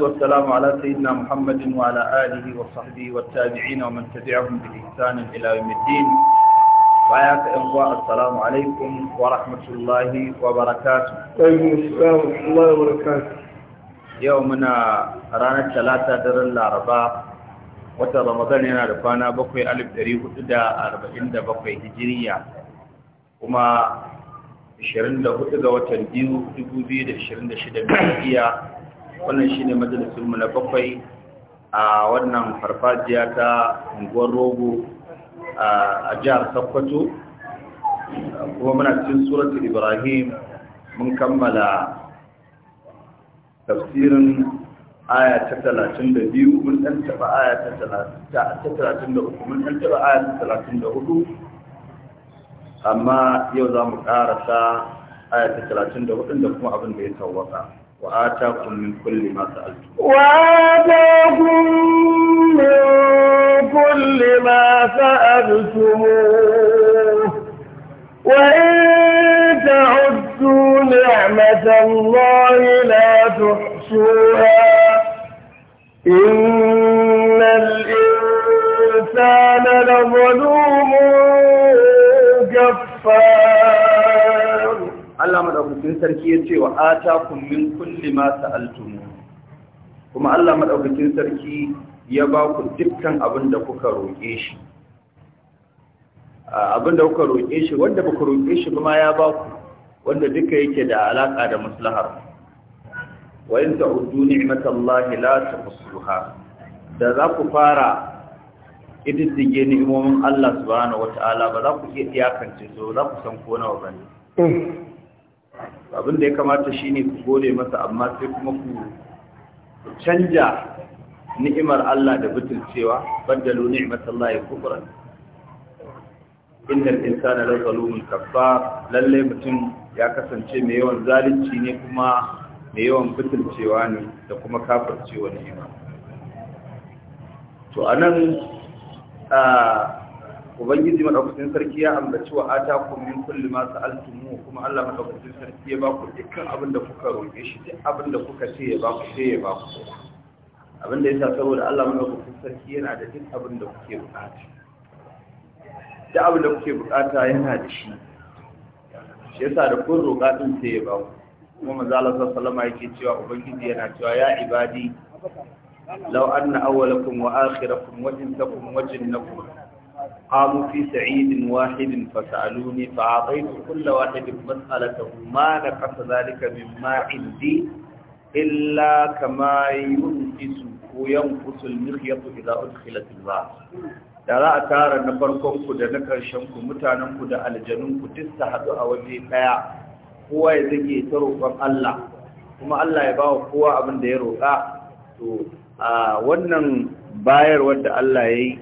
والصلاة والسلام على سيدنا محمد وعلى آله وصحبه والتابعين ومن تبعهم بإحسان إلى يوم الدين وياك إخوة السلام عليكم ورحمة الله وبركاته وعليكم السلام ورحمة الله وبركاته يومنا رانا ثلاثة در الأربعاء watan ramadan yana da kwana bakwai alif dari hudu da arba'in da bakwai hijiriya kuma 24 ga watan biyu dubu biyu da ashirin da shida miliyan wannan shi ne mu na bakwai a wannan farfajiya ta unguwar rogo a jihar Sakkwato. kuma muna cikin suratul Ibrahim mun kammala tafsirin aya ta talatin da biyu mun ɗan taɓa aya ta talatin da uku mun ɗan taɓa aya ta talatin da hudu amma yau za mu ƙarasa aya ta talatin da hudun da kuma abin da ya tawaka وآتاكم من كل ما سألتم وآتاكم من كل ما سألتموه وإن تعدوا نعمة الله لا تحصوها إن الإنسان لظلوم madaukakin sarki ya ce wa atakum min kulli ma sa'altum kuma Allah madaukakin sarki ya ba ku dukkan abin da kuka roƙe shi ah, abin da kuka roƙe shi wanda ba ku roƙe shi kuma ya ba ku wanda duka yake da alaƙa da maslahar wa in ta'uddu ni'matallahi la tuhsuha da za ku fara ididdige ni'imomin Allah subhanahu wata'ala ba za ku iya iyakance so za ku san ko nawa bane mm. abin da ya kamata shine ku gode masa amma sai kuma ku canja ni'imar Allah da butulcewa baddalu ni'matallahi kufran innal insana la zalumun kaffar lalle mutum ya kasance mai yawan zalunci ne kuma mai yawan butulcewa ne da kuma kafircewa ni'ima to anan a ah, ubangiji madaukakin sarki ya ambaci wa atakum min kulli ma sa'altumu kuma Allah madaukakin sarki ya ku dukkan abin da kuka roƙe shi duk abin da kuka ce ya ku sai ya ku abin da yasa saboda Allah madaukakin sarki yana da duk abin da kuke bukata duk abin da kuke bukata yana da shi shi yasa da kun roƙa din sai ya baku kuma manzo Allah sallallahu alaihi wasallam yake cewa ubangiji yana cewa ya ibadi law anna awwalakum wa akhirakum wa insakum wa jinnakum قاموا في سعيد واحد فسألوني فأعطيت كل واحد مسألته ما نقص ذلك مما عندي إلا كما ينقص وينقص المخيط إذا أدخلت الرأس da za a tara na farkonku da na ƙarshenku mutanenku da ku. duk su haɗu a waje ɗaya kowa ya zage ta roƙon Allah kuma Allah ya bawa kowa abin da ya roƙa to a wannan bayar wanda Allah ya yi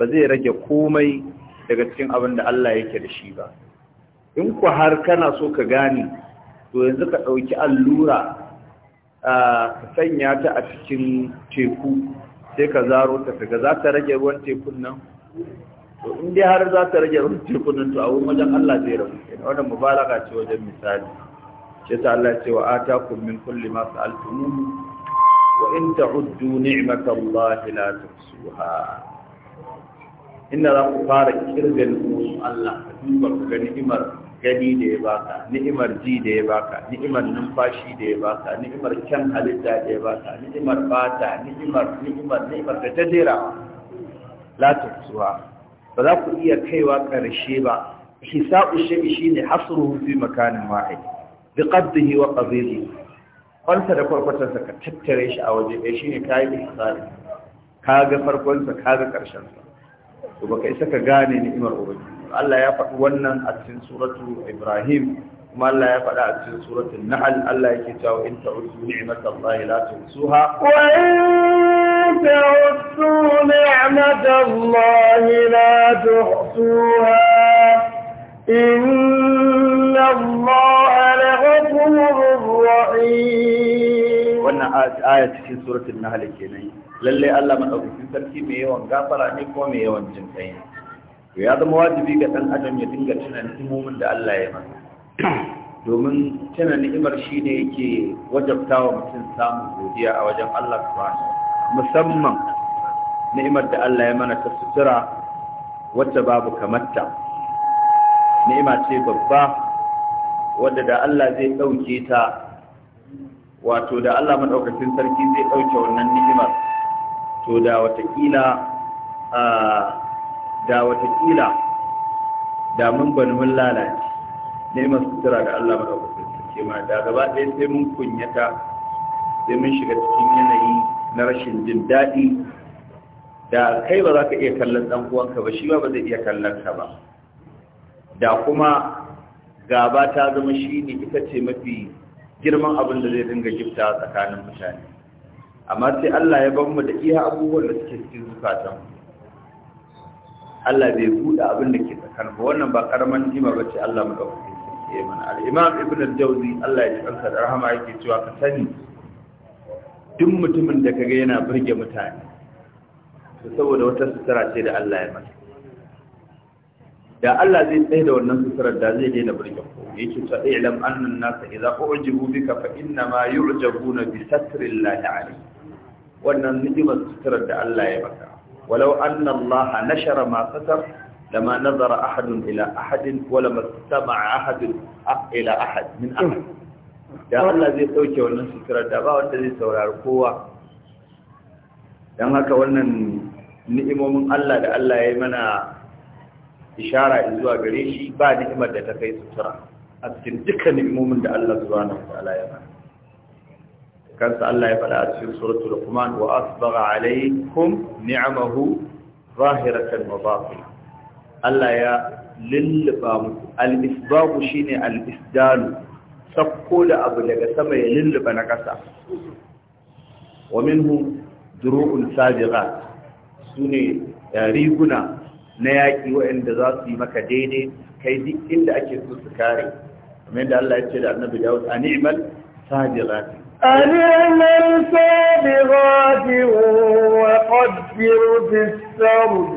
ba zai rage komai daga cikin abin da Allah yake da shi ba in ku har kana so ka gane to yanzu ka ɗauki allura ka sanya ta a cikin teku sai ka zaro ta daga za ta rage ruwan tekun nan to in dai har za ta rage ruwan tekun nan to a wajen Allah zai rabu kenan wannan mubalaga ce wajen misali sai ta Allah ce wa atakum min kulli ma sa'altumuhu wa in ta'uddu ni'matallahi la tuhsuha inda za ku fara kirga musu Allah ka duba ku ga ni'imar gani da ya baka ni'imar ji da ya baka ni'imar numfashi da ya baka ni'imar kyan halitta da ya baka ni'imar fata ni'imar ni'imar ni'imar da ta jera la tusuwa ba za ku iya kaiwa karshe ba hisabu shi shine hasruhu fi makanin wahid bi qaddihi wa qadhihi kwanta da kwarkwatarsa ka tattare shi a waje ɗaya shine kayi ihsani kaga farkonsa ƙarshen sa. to baka isa ka gane ni'imar ubangiji Allah ya faɗi wannan a cikin suratu Ibrahim kuma Allah ya faɗi a cikin suratu Nahl Allah yake cewa in ta'uddu ni'matallahi la tuhsuha wa in ta'uddu ni'matallahi la tuhsuha inna Allaha laghafurur rahim wannan aya cikin suratul Nahl kenan lalle Allah madaukakin sarki mai yawan gafara ne ko mai yawan jin kai to ya zama wajibi ga dan adam ya dinga tuna ni'imomin da Allah ya masa domin tuna ni'imar shi ne yake wajabtawa mutum samun godiya a wajen Allah subhanahu musamman ni'imar da Allah ya mana ta sutura wacce babu kamarta ni'ima ce babba wadda da Allah zai dauke ta wato da Allah madaukakin sarki zai ɗauke wannan ni'imar to da watakila da watakila da mun bani mun lalace Ne neman sutura da Allah madaukakin ce ma da gaba ɗaya sai mun kunyata sai mun shiga cikin yanayi na rashin jin daɗi da kai ba za ka iya kallon ɗan uwanka ba shi ba ba zai iya kallon ka ba da kuma gaba ta zama shi ne ita ce mafi girman abin da zai dinga gifta tsakanin mutane amma sai Allah ya ban mu da iya abubuwan da suke cikin zukatan Allah bai buɗe abin da ke tsakanin ba wannan ba karaman jima ba ce Allah mu ɗauki ke mana al-Imam Ibn al-Jawzi Allah ya ji da rahama yake cewa ka sani duk mutumin da kaga yana burge mutane to saboda wata sutura ce da Allah ya masa da Allah zai tsaye da wannan suturar da zai daina birkin ko yake ta ilam annan nasa idza ujibu bika fa inna ma na bi satrillahi alayhi wannan ni'imar suturar da Allah ya maka walau anna Allah nashara ma da ma nazara ahadun ila ahadin wala mastama'a ahadun ah, ila ahad min ahad da Allah zai dauke wannan suturar da ba wanda zai saurari kowa dan haka wannan ni'imomin Allah da Allah ya mana ishara zuwa gare shi ba ni'imar da ta kai sutura a cikin dukkan ni'imomin da Allah subhanahu wa ta'ala ya mana kansa Allah ya faɗa a cikin suratul Luqman wa asbagha alaykum ni'amahu zahiratan wa batina Allah ya lilliba muku al-isbagu shine al-isdalu sakko da abu daga sama ya lilliba na ƙasa wa minhu duru'un sabiqat sune eh, riguna na yaƙi waɗanda za su yi maka daidai kai duk inda ake so su kare kamar yadda Allah ya ce da Annabi Dawud a ni'mal sabiqat أن اعمل سابغات وقدر في السرد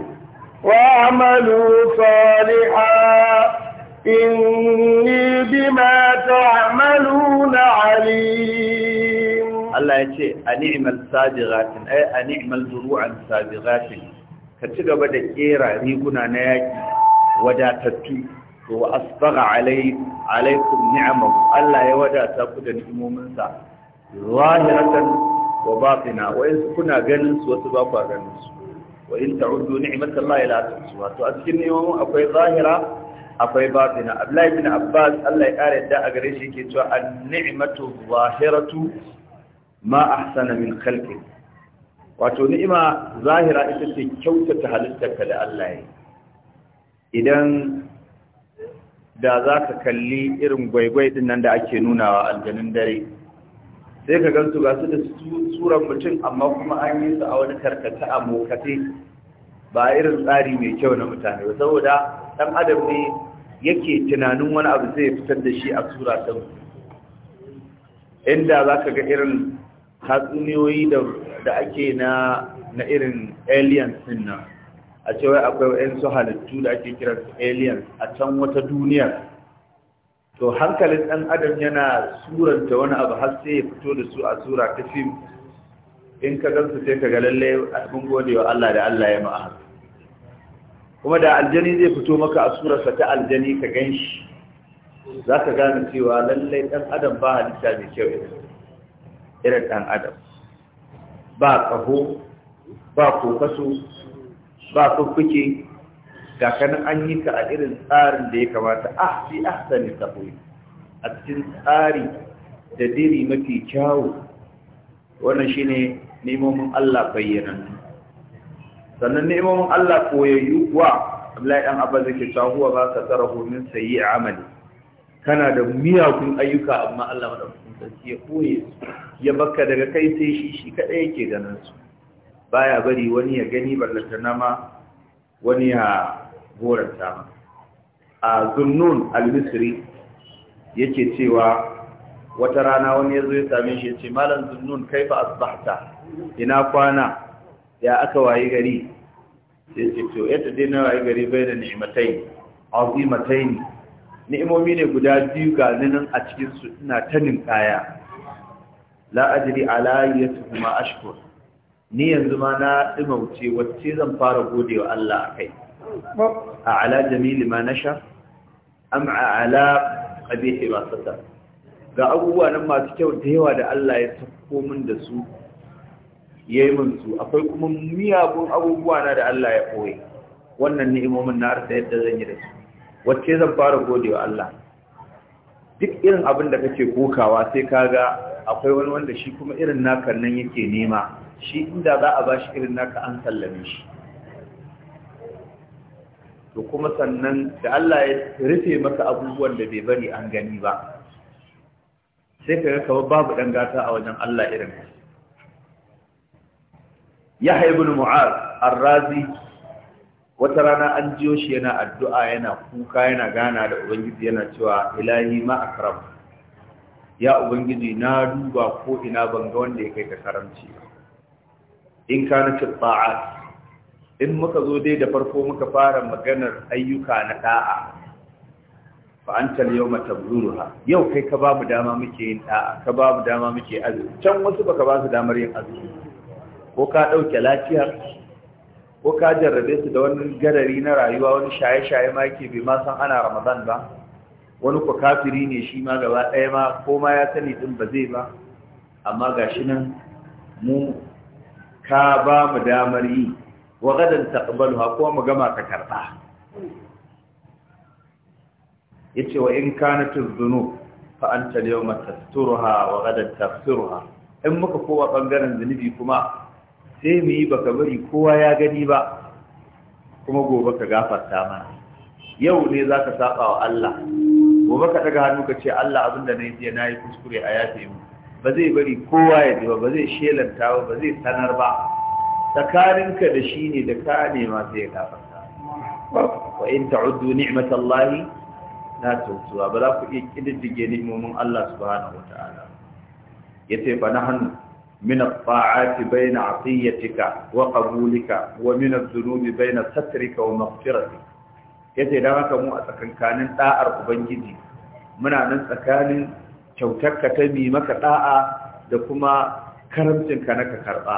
واعملوا صالحا إني بما تعملون عليم الله يتي أن اعمل سابغات أي أن اعمل زروعا سابغات كتغب دكيرا ريقنا نياكي وداتتو وأصبغ علي عليكم نعمه الله يوداتا كده نعمومنسا zahiratan wa batina wa in kuna ganin su wasu ba ku ganin su wa in ta'uddu ni'matallahi la tuhsuha to a cikin ni'imomin akwai zahira akwai batina Abdullahi bin Abbas Allah ya kare da a gare shi yake cewa an-ni'matu zahiratu ma ahsana min khalqi wato ni'ima zahira ita ce kyautata halittarka da Allah ya idan da za ka kalli irin gwaigwai din nan da ake nunawa aljanun dare sai ka gansu ga su da tsuran mutum amma kuma an yi su a wani karkata a mokate ba irin tsari mai kyau na mutane ba saboda ɗan adam ne yake tunanin wani abu zai fitar da shi a tsura ta inda za ka ga irin hatsuniyoyi da ake na irin aliens din nan a cewa akwai su halittu da ake kiransu aliens a can wata duniyar to hankalin ɗan adam yana suranta wani abu har sai ya fito da su a sura ta fim in ka gansu sai ka ga lalle gode wa Allah da Allah ya ma'a kuma da aljani zai fito maka a surarsa ta aljani ka gan shi za ka gane cewa lalle ɗan adam ba halitta mai kyau irin ɗan adam ba ƙaho ba kokaso ba fuffuke ga an yi ka a irin tsarin da ya kamata a fi ahsani taqwim a cikin tsari da diri mafi kyawu wannan shine nemomin Allah bayyana sannan nemomin Allah koyayyu kuwa Abdullahi dan Abba zai ce huwa ba ka tsarahu min a amali kana da miyagun ayyuka amma Allah madaukakin sarki ya koye su ya baka daga kai sai shi shi kaɗai yake ganin su baya bari wani ya gani ballantana ma wani ya goranta a zunnun al-misri yake cewa wata rana wani ya zo ya same shi ya ce malam zunnun kaifa asbahta ina kwana ya aka waye gari sai ce to yadda dai na waye gari bai da ni'imatai azimatai ni'imomi ne guda biyu ga nan a cikin su ina ta ninkaya la ajri ala yatuhuma ashkur ni yanzu ma na ɗimauce wacce zan fara gode wa Allah a kai a ala jamili ma nasha am a ala ƙabihi masu ta ga abubuwa nan masu kyau da yawa da Allah ya tafko min da su ya yi min su akwai kuma miyagun abubuwa na da Allah ya koye wannan ni'imomin na arsa yadda zan yi da su wacce zan fara gode wa Allah duk irin abin da kake kokawa sai kaga akwai wani wanda shi kuma irin nakan nan yake nema shi inda za a ba shi irin naka an sallame shi to kuma sannan da Allah ya rufe maka abubuwan da bai bari an gani ba sai ka ga babu ɗan gata a wajen Allah irin Yahya ibn Mu'az ar-Razi wata rana an jiyo shi yana addu'a yana kuka yana gana da ubangiji yana cewa ilahi ma akram ya ubangiji na duba ko ina ban ga wanda ya kai ka karamci ba in kana taba'a in muka zo dai da farko muka fara maganar ayyuka na da'a fa yau yawma tabzuruha yau kai ka babu dama muke yin da'a ka babu dama muke azumi can wasu baka ba su damar yin azumi ko ka dauke lafiyar ko ka jarrabe su da wani gadari na rayuwa wani shaye-shaye ma yake bai ma san ana ramadan ba wani ko kafiri ne shi ma gaba ɗaya ma ko ma ya sani din ba zai ba amma gashi nan mu ka ba mu damar yi wa gadan taqbaluha ko mu gama ka karba yace wa in kanat adh-dhunub fa anta wa gadan taghfiruha in muka kowa ɓangaren zunubi kuma sai mu yi baka bari kowa ya gani ba kuma gobe ka gafarta mana yau ne zaka saba wa Allah gobe ka daga hannu ka ce Allah abinda na yi jiya nayi kuskure a yafe mu ba zai bari kowa ya ji ba ba zai shelanta ba ba zai sanar ba tsakaninka da shi ne da ka nema sai ya gafarta wa in ta'uddu ni'matallahi la tuhsuha ba za ku iya kididdige ni'momin Allah subhanahu wata'ala yace fa nahnu min at-ta'ati bayna 'atiyatika wa qabulika wa min adh-dhunubi bayna satrika wa maghfiratika yace dan haka mu a tsakankanin da'ar ubangiji muna nan tsakanin kyautarka ta mi maka da'a da kuma karamcinka na ka karɓa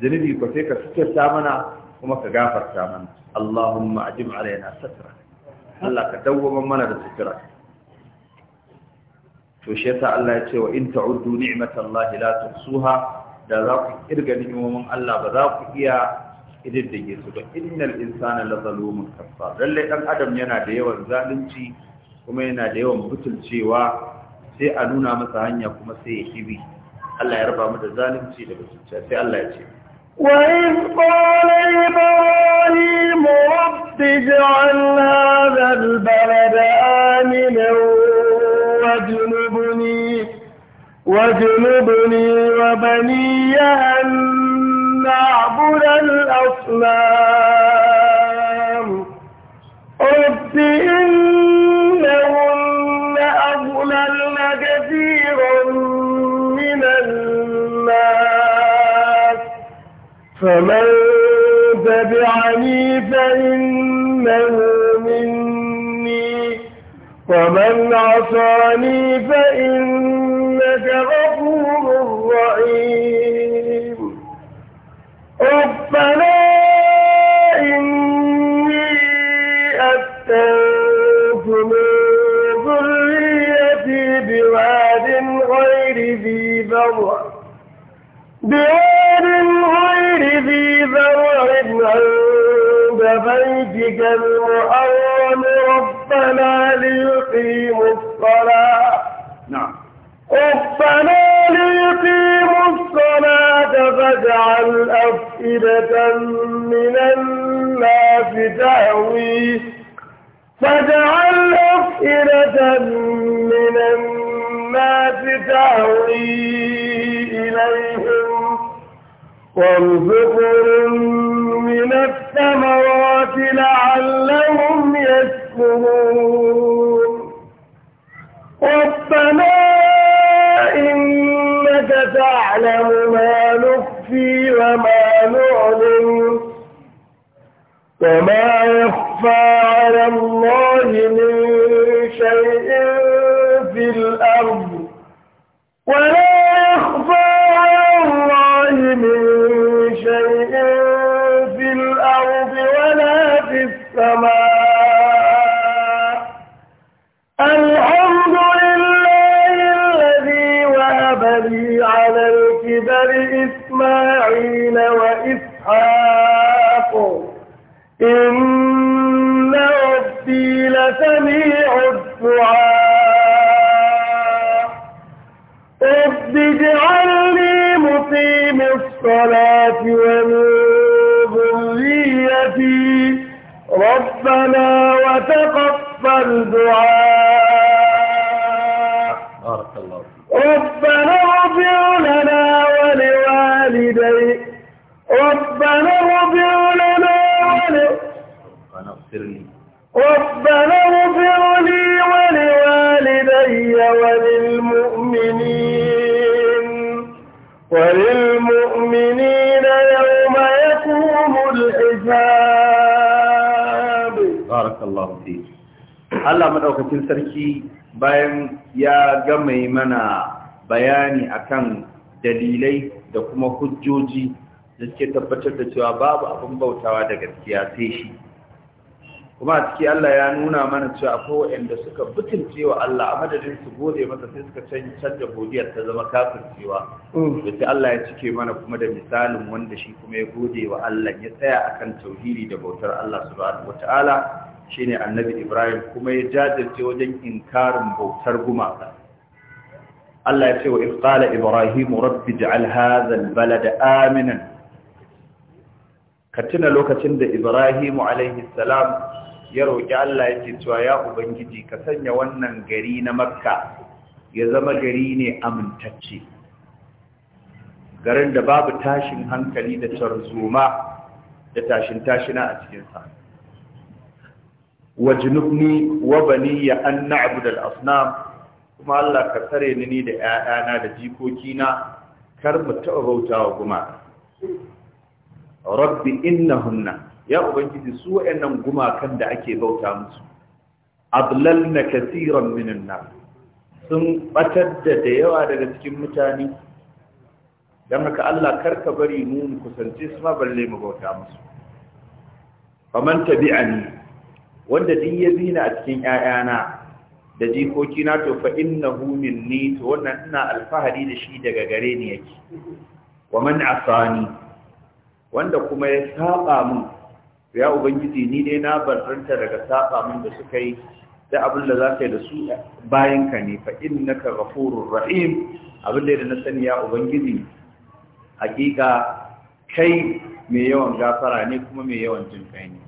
zunubi ko sai ka sutarta mana kuma ka gafarta mana Allahumma ajim alaina satra Allah ka dawwama mana da sutura to shi yasa Allah ya ce wa in ta'uddu ni'matallahi la tuhsuha da za ku kirga ni'imomin Allah ba za ku iya ididdige su ba innal insana la zalumun kaffar lalle dan adam yana da yawan zalunci kuma yana da yawan butulcewa sai a nuna masa hanya kuma sai ya kibi Allah ya raba mu da zalunci daga cuta sai Allah ya ce وإذ قال إبراهيم رب اجعل هذا البلد آمنا واجنبني واجنبني وبني أن نعبد الأصنام رب إن من الناس فمن تبعني فإنه مني ومن عصاني فإنك غفور رحيم ربنا الأرض بواد غير ذي زرع عند بيتك المحرم ربنا ليقيموا الصلاة نعم ربنا ليقيموا الصلاة فاجعل أفئدة من الناس تهوي فاجعل أفئدة من الناس الجنات تهوي إليهم وارزقهم من الثمرات لعلهم يشكرون ربنا إنك تعلم ما نخفي وما نعلم وما يخفى على الله من الصلاة ومن ذريتي ربنا وتقبل دعائي Allah madaukakin sarki bayan ya gama mana bayani akan dalilai da kuma hujjoji da suke tabbatar da cewa babu abin bautawa da gaskiya sai shi kuma a ciki Allah ya nuna mana cewa akwai waɗanda suka butulce wa Allah a madadin su gode masa sai suka canza godiyar ta zama kafin da mm. sai Allah ya cike mana kuma da misalin wanda shi kuma ya gode wa Allah ya tsaya akan tauhidi da bautar Allah subhanahu wataala shine annabi Ibrahim kuma ya jajirce wajen inkarin bautar gumaka Allah ya ce wa ifqala Ibrahim rabbi ij'al hadha al aminan katina lokacin da Ibrahim alaihi salam ya roki Allah ya ce cewa ya ubangiji ka sanya wannan gari na Makka ya zama gari ne amintacce garin da babu tashin hankali da tarzoma da tashin tashina a cikinsa. wajinubni wa baniya an na'budu al-asnam kuma Allah ka tsare ni da 'ya'yana da jikokina kar mu taɓa bautawa gumaka rabbi innahunna ya ubangiji su wayannan gumakan da ake bauta musu adlalna kaseeran minan nas sun batar da da yawa daga cikin mutane dan haka Allah ka bari mu mu kusance su ma balle mu bauta musu faman tabi'ani wanda din ya zina a cikin ƴaƴana da jikoki na to fa innahu minni to wannan ina alfahari da shi daga gare ni yake wa man asani wanda kuma ya saba min ya ubangiji ni dai na barranta daga saba min da suka yi da abin da za ka yi da su bayan ka ne fa innaka ghafurur rahim abin da na sani ya ubangiji hakika kai mai yawan gafara ne kuma mai yawan jin kai ne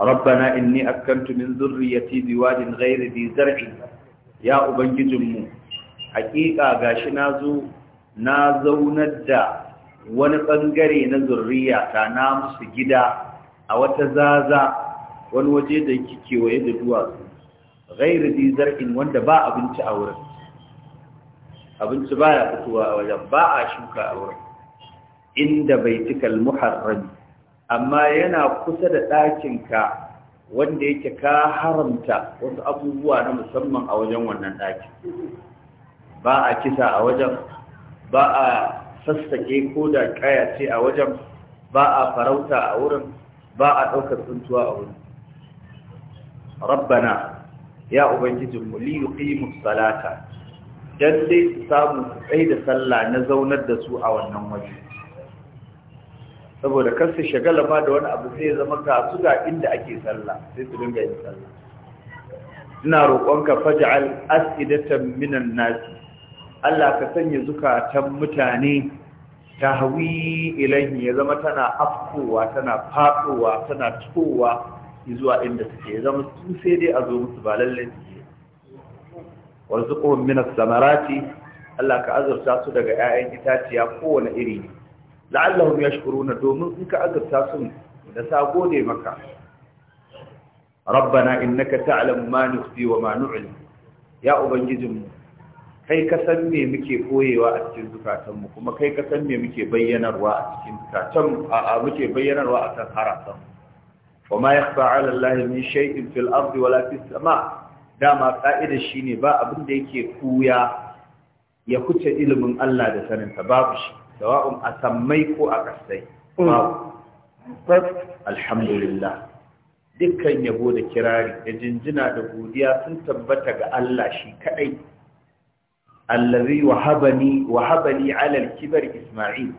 ربنا اني اكنت من ذريتي بواد غير ذي زرع يا ابنجيجن مو حقيقه غاشي نازو نازونر دا wani bangare na zurriya ta namu su gida a wata zaza wani waje da kike waye da duwatsu gairu di zarkin wanda ba abinci ba ya fitowa a wajen ba a shuka a wurin inda bai tikal muharrami amma yana kusa da ɗakinka wanda yake ka haramta wasu abubuwa na musamman a wajen wannan ɗakin ba a kisa a wajen ba a sassaƙe ko da ƙaya ce a wajen ba a farauta a wurin ba a ɗaukar tsuntuwa a wurin rabbana ya mu li yuqimu salata dan dai su samu su da sallah na zaunar da su a wannan waje saboda kar su shagala ma da wani abu sai zama ka su inda ake sallah sai su dinga yin sallah ina roƙonka faj'al as'idatan minan nas Allah ka sanya zukatan mutane ta hawi ya zama tana afkowa tana faɗowa tana tukowa zuwa inda suke zama su sai dai a zo musu ba lallai suke warzuqhum min Minas samarati Allah ka azurta su daga 'ya'yan itaciya kowane iri la'allahum yashkuruna domin in ka azabta su da sa gode maka rabbana innaka ta'lamu ma nukhfi wa ma nu'lin ya ubangijinmu kai ka san me muke koyewa a cikin zukatanmu kuma kai ka san me muke bayyanarwa a cikin zukatan a muke bayyanarwa a kan haratan wa ma yakhfa 'ala allahi min shay'in fil ardi wala fis sama' dama ka'ida shine ba abin da yake kuya ya kuce ilimin Allah da saninta babu shi sawa'un a sammai ko a kasai mm. alhamdulillah dukkan yabo da kirari da jinjina da godiya sun tabbata ga Allah shi kadai allazi wahabani wahabani ala al-kibar isma'il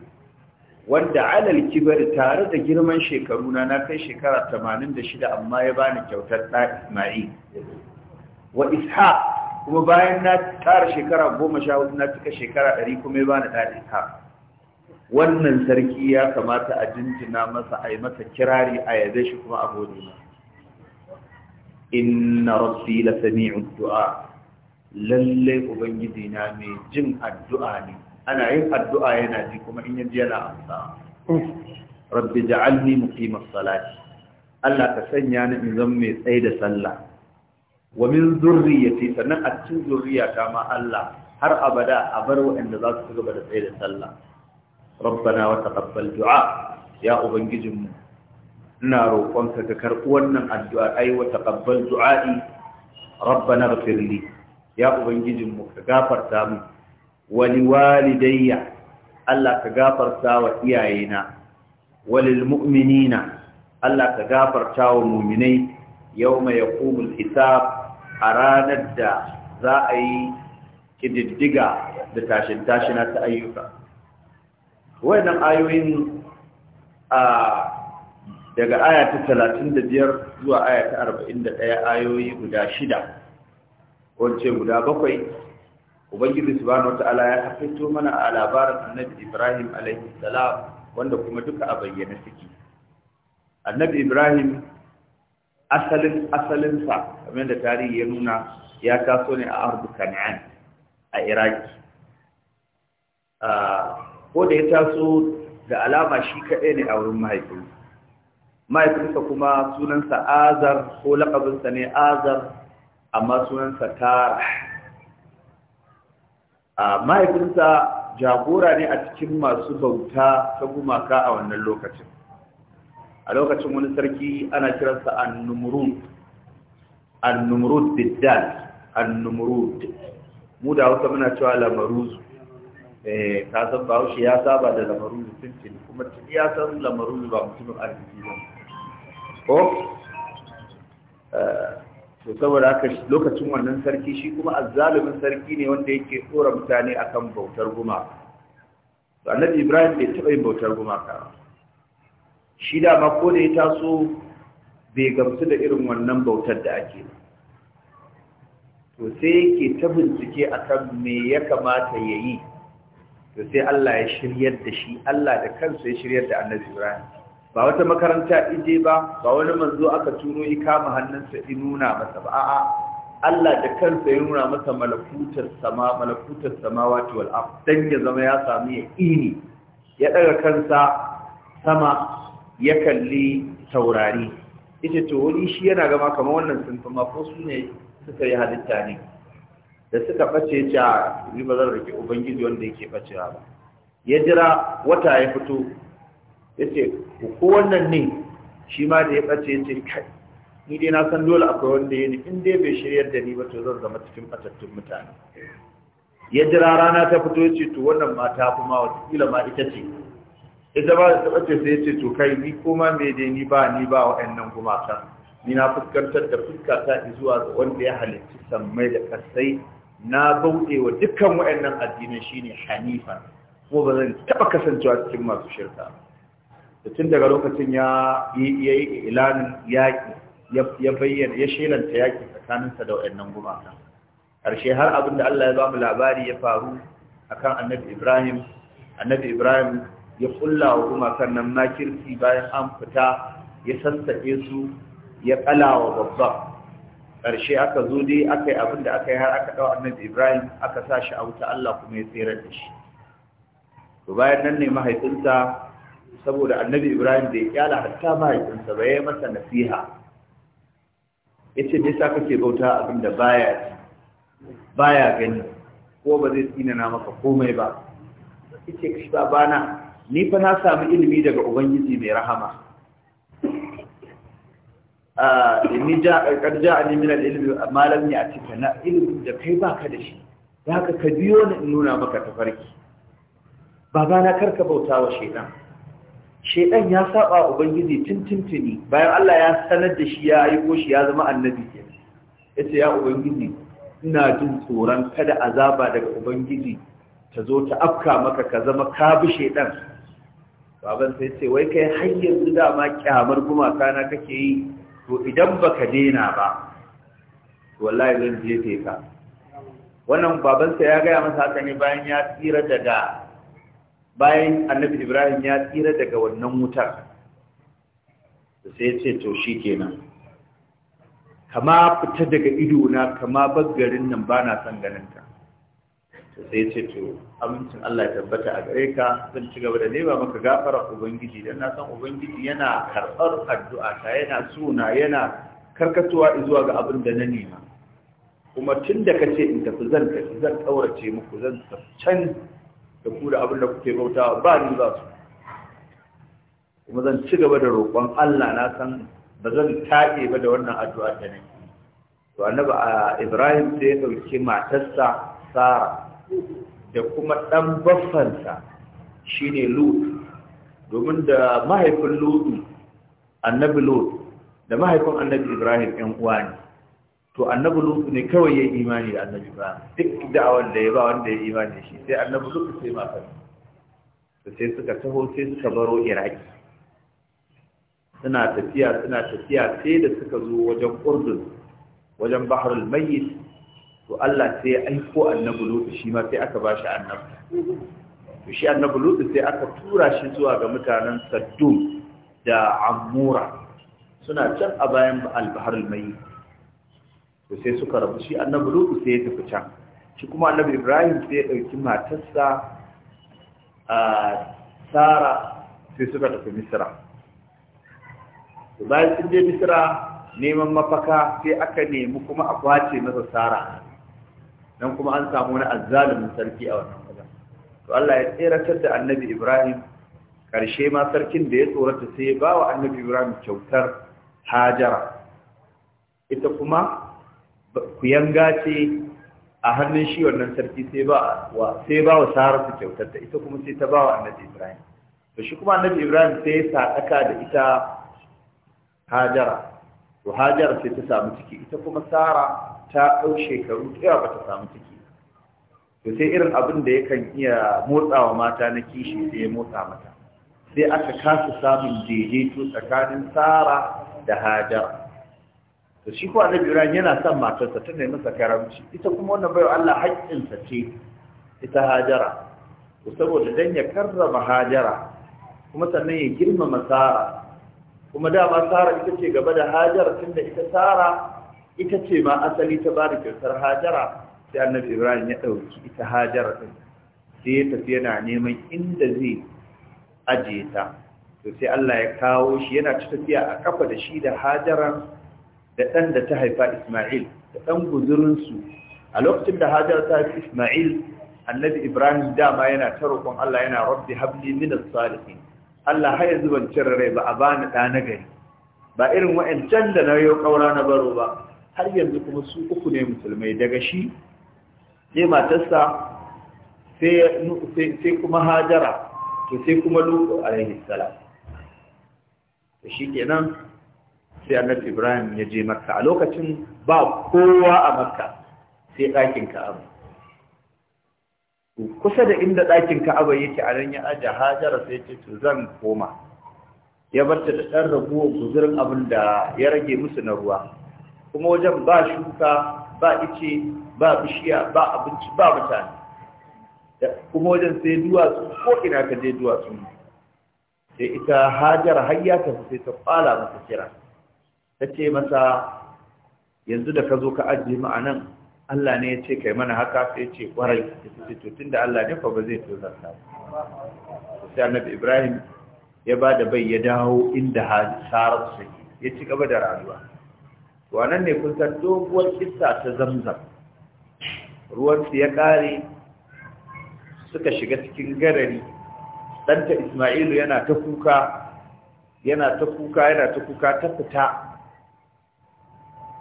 wanda alal kibar tare da girman shekaru na na kai shekara 86 amma ya bani kyautar da Isma'il wa Ishaq kuma bayan na tara shekara 14 na cika shekara 100 kuma ya bani da Ishaq wannan sarki ya kamata a jinjina masa a yi masa kirari a yabe shi kuma a gode masa inna rabbi la sami'ud du'a lalle ubangiji na mai jin addu'a ne ana yin addu'a yana ji kuma in yaji yana amsa rabbi ja'alni muqimas salati Allah ka sanya ni in zama mai tsaye da sallah wa min zurriyati sannan a cikin zurriyata ma Allah har abada a bar waɗanda za su ci gaba da tsaye da sallah rabbana wa taqabbal du'a ya ubangijinmu ina roƙonka ka karɓi wannan addu'a ai wa taqabbal du'a'i rabbana ighfirli ya ubangijinmu ka gafarta mu wa liwalidayya Allah ka gafarta wa iyayena wa lilmu'minina Allah ka gafarta wa mu'minai yawma yaqumul hisab a ranar da za a yi kididdiga da tashin tashina ta ayyuka wayannan ayoyin a daga aya ta 35 zuwa aya ta 41 ayoyi guda shida wance guda bakwai ubangiji subhanahu wataala ya hafito mana a labarin annabi Ibrahim alayhi salam wanda kuma duka a bayyana suke annabi Ibrahim asalin asalinsa kamar da tarihi ya nuna ya taso ne a ardu kan'an a iraki ko da ya taso da alama shi kaɗai ne a wurin mahaifin mahaifinsa kuma sunansa azar ko laƙabinsa ne azar amma sunansa tara a mahaifinsa jagora ne a cikin masu bauta ta gumaka a wannan lokacin a lokacin wani sarki ana kiransa annumrud annumrud biddal annumrud mu da hausa muna cewa lamaruzu eh ka san bahaushe ya saba da lamarin mutuncin kuma tun ya san lamarun ba mutumin arziki ba ko eh, to saboda haka lokacin wannan sarki shi kuma azzalumin sarki ne wanda yake tsora mutane akan bautar gumaka to annabi ibrahim bai taɓa yin bautar gumaka ba shi dama ko da ya taso bai gamsu da irin wannan bautar da ake ba to sai yake ta bincike akan me ya kamata ya yi to sai Allah ya shiryar da shi Allah da kansa ya shiryar da annabi Ibrahim ba wata makaranta ije ba ba wani manzo aka turo yi kama hannunsa in nuna masa ba a'a Allah da kansa ya nuna masa malakutar sama malakutar samawati wal ard dan ya zama ya samu ya ini ya daga kansa sama ya kalli taurari ita to wani shi yana gama kamar wannan sun kuma ko su ne suka yi halitta ne da suka bace ce a ni ba zan rike ubangiji wanda yake bacewa ba ya jira wata ya fito ya ce ko wannan ne shi ma da ya bace ya ce kai ni dai na san dole akwai wanda ya ni in dai bai shiryar da ni ba to zan zama cikin batattun mutane ya jira rana ta fito ya ce to wannan ma ta kuma ma watakila ma ita ce ita ba ta bace sai ya ce to kai ni koma me dai ni ba ni ba wa'annan gumaka ni na fuskantar da fuskata zuwa ga wanda ya halicci sammai da kasai na bauɗe wa dukkan waɗannan addinin shine hanifa ko ba zan taɓa kasancewa cikin masu shirka da tun daga lokacin ya yi ilanin yaƙi ya bayyana ya shelanta yaƙi tsakaninsa da waɗannan gumaka ƙarshe har abin da Allah ya ba mu labari ya faru akan annabi Ibrahim annabi Ibrahim ya kulla wa gumakan nan makirci bayan an fita ya sassaƙe su ya ƙala wa babban ƙarshe aka zo dai aka yi abin da aka yi har aka ɗau annabi ibrahim aka sa shi a wuta allah kuma ya tsere da shi to bayan nan ne mahaifinsa saboda annabi ibrahim da ya kyala hatta mahaifinsa ba ya yi masa nasiha ya ce me yasa kake bauta abin da baya baya gani ko ba zai tsinana maka komai ba shi ba bana. ni fa na samu ilimi daga ubangiji mai rahama inni kar ja a nemi na ilimi malam ne a cika na ilimin da kai ba ka da shi da haka ka biyo ni in nuna maka tafarki na karka bauta wa shaidan shaidan ya saba a ubangiji tintintini bayan Allah ya sanar da shi ya aiko shi ya zama annabi yace ya ubangiji ina jin tsoron kada azaba daga ubangiji ta zo ta afka maka ka zama ka bi shaidan baban sai ce wai kai har yanzu dama kyamar gumaka na kake yi to idan baka dena ba wallahi zan jefe ka wannan babansa ya gaya masa haka ne bayan ya tsira daga bayan annabi ibrahim ya tsira daga wannan wutar sai ce to shi kenan kama fita daga idona kama baggarin nan ba na son ka. sai ce to amincin Allah ya tabbata a gare ka zan ci gaba da nema maka gafara ubangiji dan na san ubangiji yana karɓar addu'a ta yana suna yana karkatuwa zuwa ga abin da na nema kuma tun da kace in tafi zan tafi zan kaurace muku zan can da ku da abin da kuke bautawa ba ni za su kuma zan ci gaba da roƙon Allah na san ba zan taɓe ba da wannan addu'a da nake to annabi Ibrahim sai ya dauki matarsa Sara da kuma ɗan baffansa shi ne lut domin da mahaifin lutu annabi lut da mahaifin annabi ibrahim ɗan uwa ne to annabi lutu ne kawai ya yi imani da annabi ibrahim duk da'awar da ya ba wanda ya yi imani da shi sai annabi lutu sai matar sai suka taho sai suka baro iraki suna tafiya suna tafiya sai da suka zo wajen urdun wajen bahrul mayyit to Allah sai ya aiko annabi Lut shi ma sai aka bashi annabi to shi annabi Lut sai aka tura shi zuwa ga mutanen Saddum da Amura suna can a bayan al-Bahr al-Mai to sai suka rabu shi annabi Lut sai ya tafi can shi kuma annabi Ibrahim sai ya ɗauki matarsa a Sara sai suka tafi Misra bayan sun je Misira neman mafaka sai aka nemi kuma a kwace masa Sara dan kuma an samu wani azzalimin sarki a wannan wajen to Allah ya tseratar da annabi Ibrahim karshe ma sarkin da ya tsorata sai ya ba wa annabi Ibrahim kyautar Hajara ita kuma kuyanga ce a hannun shi wannan sarki sai ba wa sai Saratu kyautar ta ita kuma sai ta ba wa annabi Ibrahim to shi kuma annabi Ibrahim sai ya sadaka da ita Hajara to Hajara sai ta samu ciki ita kuma Sara ta ɗau shekaru tsayawa ba ta samu ciki to sai irin abin da yakan iya motsawa mata na kishi sai ya motsa mata sai aka kasa samun daidaito tsakanin tsara da hajara to shi ko annabi Ibrahim yana son matarsa ta nemi masa karamci ita kuma wannan bayo Allah haƙƙinsa ce ita Hajara to saboda dan ya karrama Hajara kuma sannan ya girmama tsara, kuma dama Sara ita ce gaba da Hajara tunda ita tsara. ita ce ma asali ta bada kyautar hajara sai annabi ibrahim ya ɗauki ita hajara ɗin sai ya tafi yana neman inda zai ajiye ta to sai allah ya kawo shi yana ci tafiya a kafa da shi da hajara da ɗan da ta haifa isma'il da ɗan guzurinsu a lokacin da hajara ta haifi isma'il annabi ibrahim dama yana ta roƙon allah yana rabbi habli min salihin allah har yanzu ban cire rai ba a bani ɗa na gari ba irin wa'ancan da na yau ƙaura na baro ba har yanzu kuma su uku ne musulmai daga shi sai matarsa sai kuma hajara to sai kuma a lutu sala. Da shi shikenan sai annabi ibrahim ya je makka a lokacin ba kowa a makka sai ɗakin ka'aba kusa da inda ɗakin ka'aba yake a nan ya ajiye hajara sai ce to zan koma ya barta da ɗan raguwar guzurin abin da ya rage musu na ruwa kuma wajen ba shuka ba ice ba bishiya ba abinci ba mutane kuma wajen sai duwatsu ko ina ka je duwatsu sai ita hajar hayya ta sai ta kwala masa kira ta ce masa yanzu da ka zo ka ajiye mu a Allah ne ya ce kai mana haka sai ya ce kwarai ta ce to tunda Allah ne fa ba zai tozarta ba sai annabi Ibrahim ya ba da bai ya dawo inda hajar sarar ya ci gaba da rayuwa to anan ne kun san doguwar kissa ta zamzam ruwan su ya ƙare suka shiga cikin garari ɗanta Isma'ilu yana ta kuka yana ta kuka yana ta kuka ta fita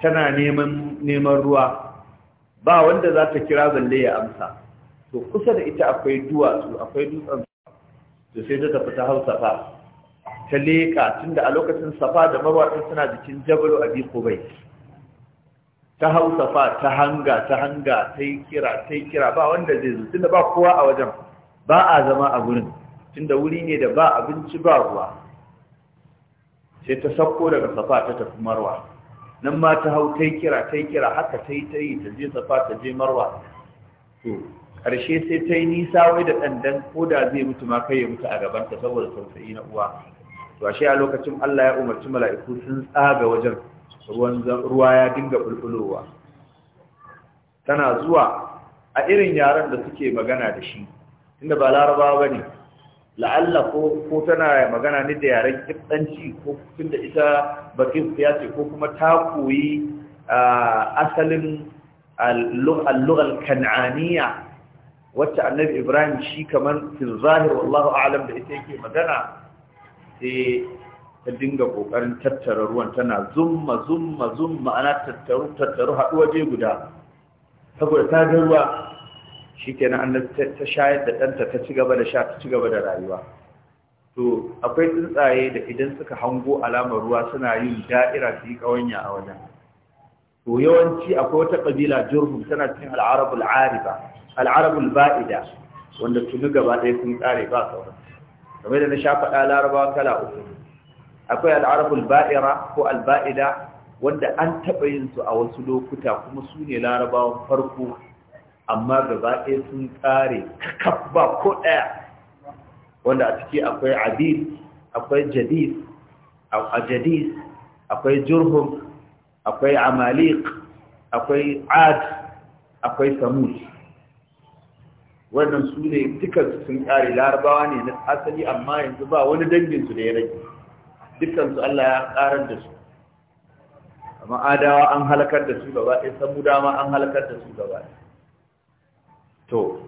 tana neman ruwa ba wanda za ta kira zalle ya amsa to kusa da ita akwai duwatsu akwai dutsen to sai ta tafi hausa fa ta leƙa tunda a lokacin safa da marwa ɗin suna jikin jabalu abi kubai ta hau safa ta hanga ta hanga ta yi kira ta yi kira ba wanda zai zo tunda ba kowa a wajen ba a zama a gurin tunda wuri ne da ba abinci ba ruwa sai ta sako daga safa ta tafi marwa nan ma ta hau ta yi kira ta yi kira haka ta yi ta yi ta je safa ta je marwa to ƙarshe sai ta yi nisa wai da ɗandan ko da zai mutu ma kai ya mutu a gabanta saboda tausayi na uwa to ashe a lokacin Allah ya umarci mala'iku sun tsaga wajen ruwan ruwa ya dinga bulbulowa tana zuwa a irin yaran da suke magana da shi inda ba laraba ba ne la'alla ko tana magana ne da yaren kiftanci ko tun da ita bakin ya ce ko kuma ta koyi asalin allughal kan'aniya wacce annabi ibrahim shi kamar fil zahir wallahu a'lam da ita yake magana sai ta dinga kokarin tattara ruwan tana zumma zumma zumma ana tattaru tattaru haɗu waje guda saboda ta ga ruwa shikenan an ta shayar da ɗanta ta ci gaba da sha ta ci gaba da rayuwa to akwai tsuntsaye da idan suka hango alamar ruwa suna yin da'ira su yi ƙawanya a wajen to yawanci akwai wata ƙabila jurhum tana cikin al'arabul ariba al'arabul ba'ida wanda tuni gaba ɗaya sun ƙare ba sauran kamar da na sha faɗa larabawa kala uku akwai al'arabul ba'ira ko alba'ida wanda an taɓa yin su a wasu lokuta kuma su ne larabawan farko amma gaba ɗaya sun ƙare kakaf ba ko ɗaya wanda a ciki akwai adil akwai jadid a jadid akwai jurhum akwai amalik akwai ad akwai samud wannan su ne dukansu sun kare larabawa ne na asali amma yanzu ba wani danginsu da ya rage dukansu Allah ya karar da su amma adawa an halakar da su gaba ɗaya samu dama an halakar da su gaba to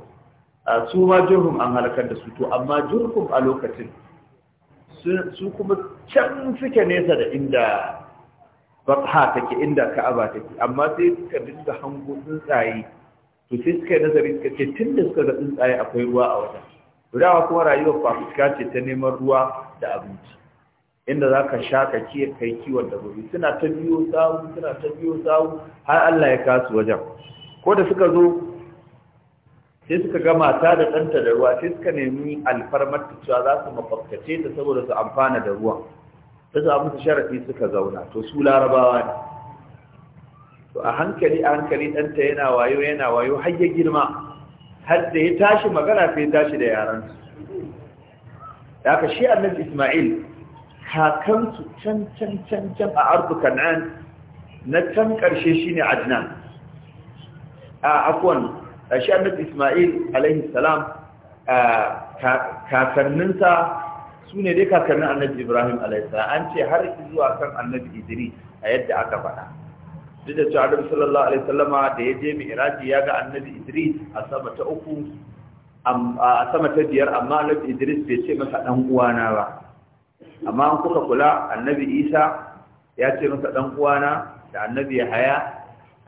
a su ma jurhum an halakar da su to amma jurhum a lokacin su kuma can suke nesa da inda fatha take inda ka'aba take amma sai suka dinga hango tsuntsaye to sai suka yi nazari suka ce tun da suka ga tsuntsaye akwai ruwa a wajen dawa kuma rayuwar fafuska ce ta neman ruwa da abinci inda za ka sha ka kai kiwon dabbobi suna ta biyo sawu suna ta biyo sawu har Allah ya kasu wajen ko da suka zo sai suka ga mata da ɗanta da ruwa sai suka nemi alfarmar cewa za su mafafkace ta saboda su amfana da ruwa ta samu su sharafi suka zauna to su larabawa ne to a hankali a hankali ɗanta yana wayo yana wayo har ya girma har da ya tashi magana sai ya tashi da yaransu da aka shi isma'il kakansu can can can can a ardu kan'an na can ƙarshe shine adnan a afwan shi annabi isma'il alaihi salam kakanninsa su ne dai kakannin annabi ibrahim alaihi salam an ce har zuwa kan annabi idris a yadda aka faɗa duk da cewa annabi sallallahu alaihi wasallama da ya je mi'raji ya ga annabi Idris a sama ta uku a sama ta biyar amma annabi Idris bai ce masa dan uwana ba amma an kuka kula annabi Isa ya ce masa dan uwana da annabi Yahaya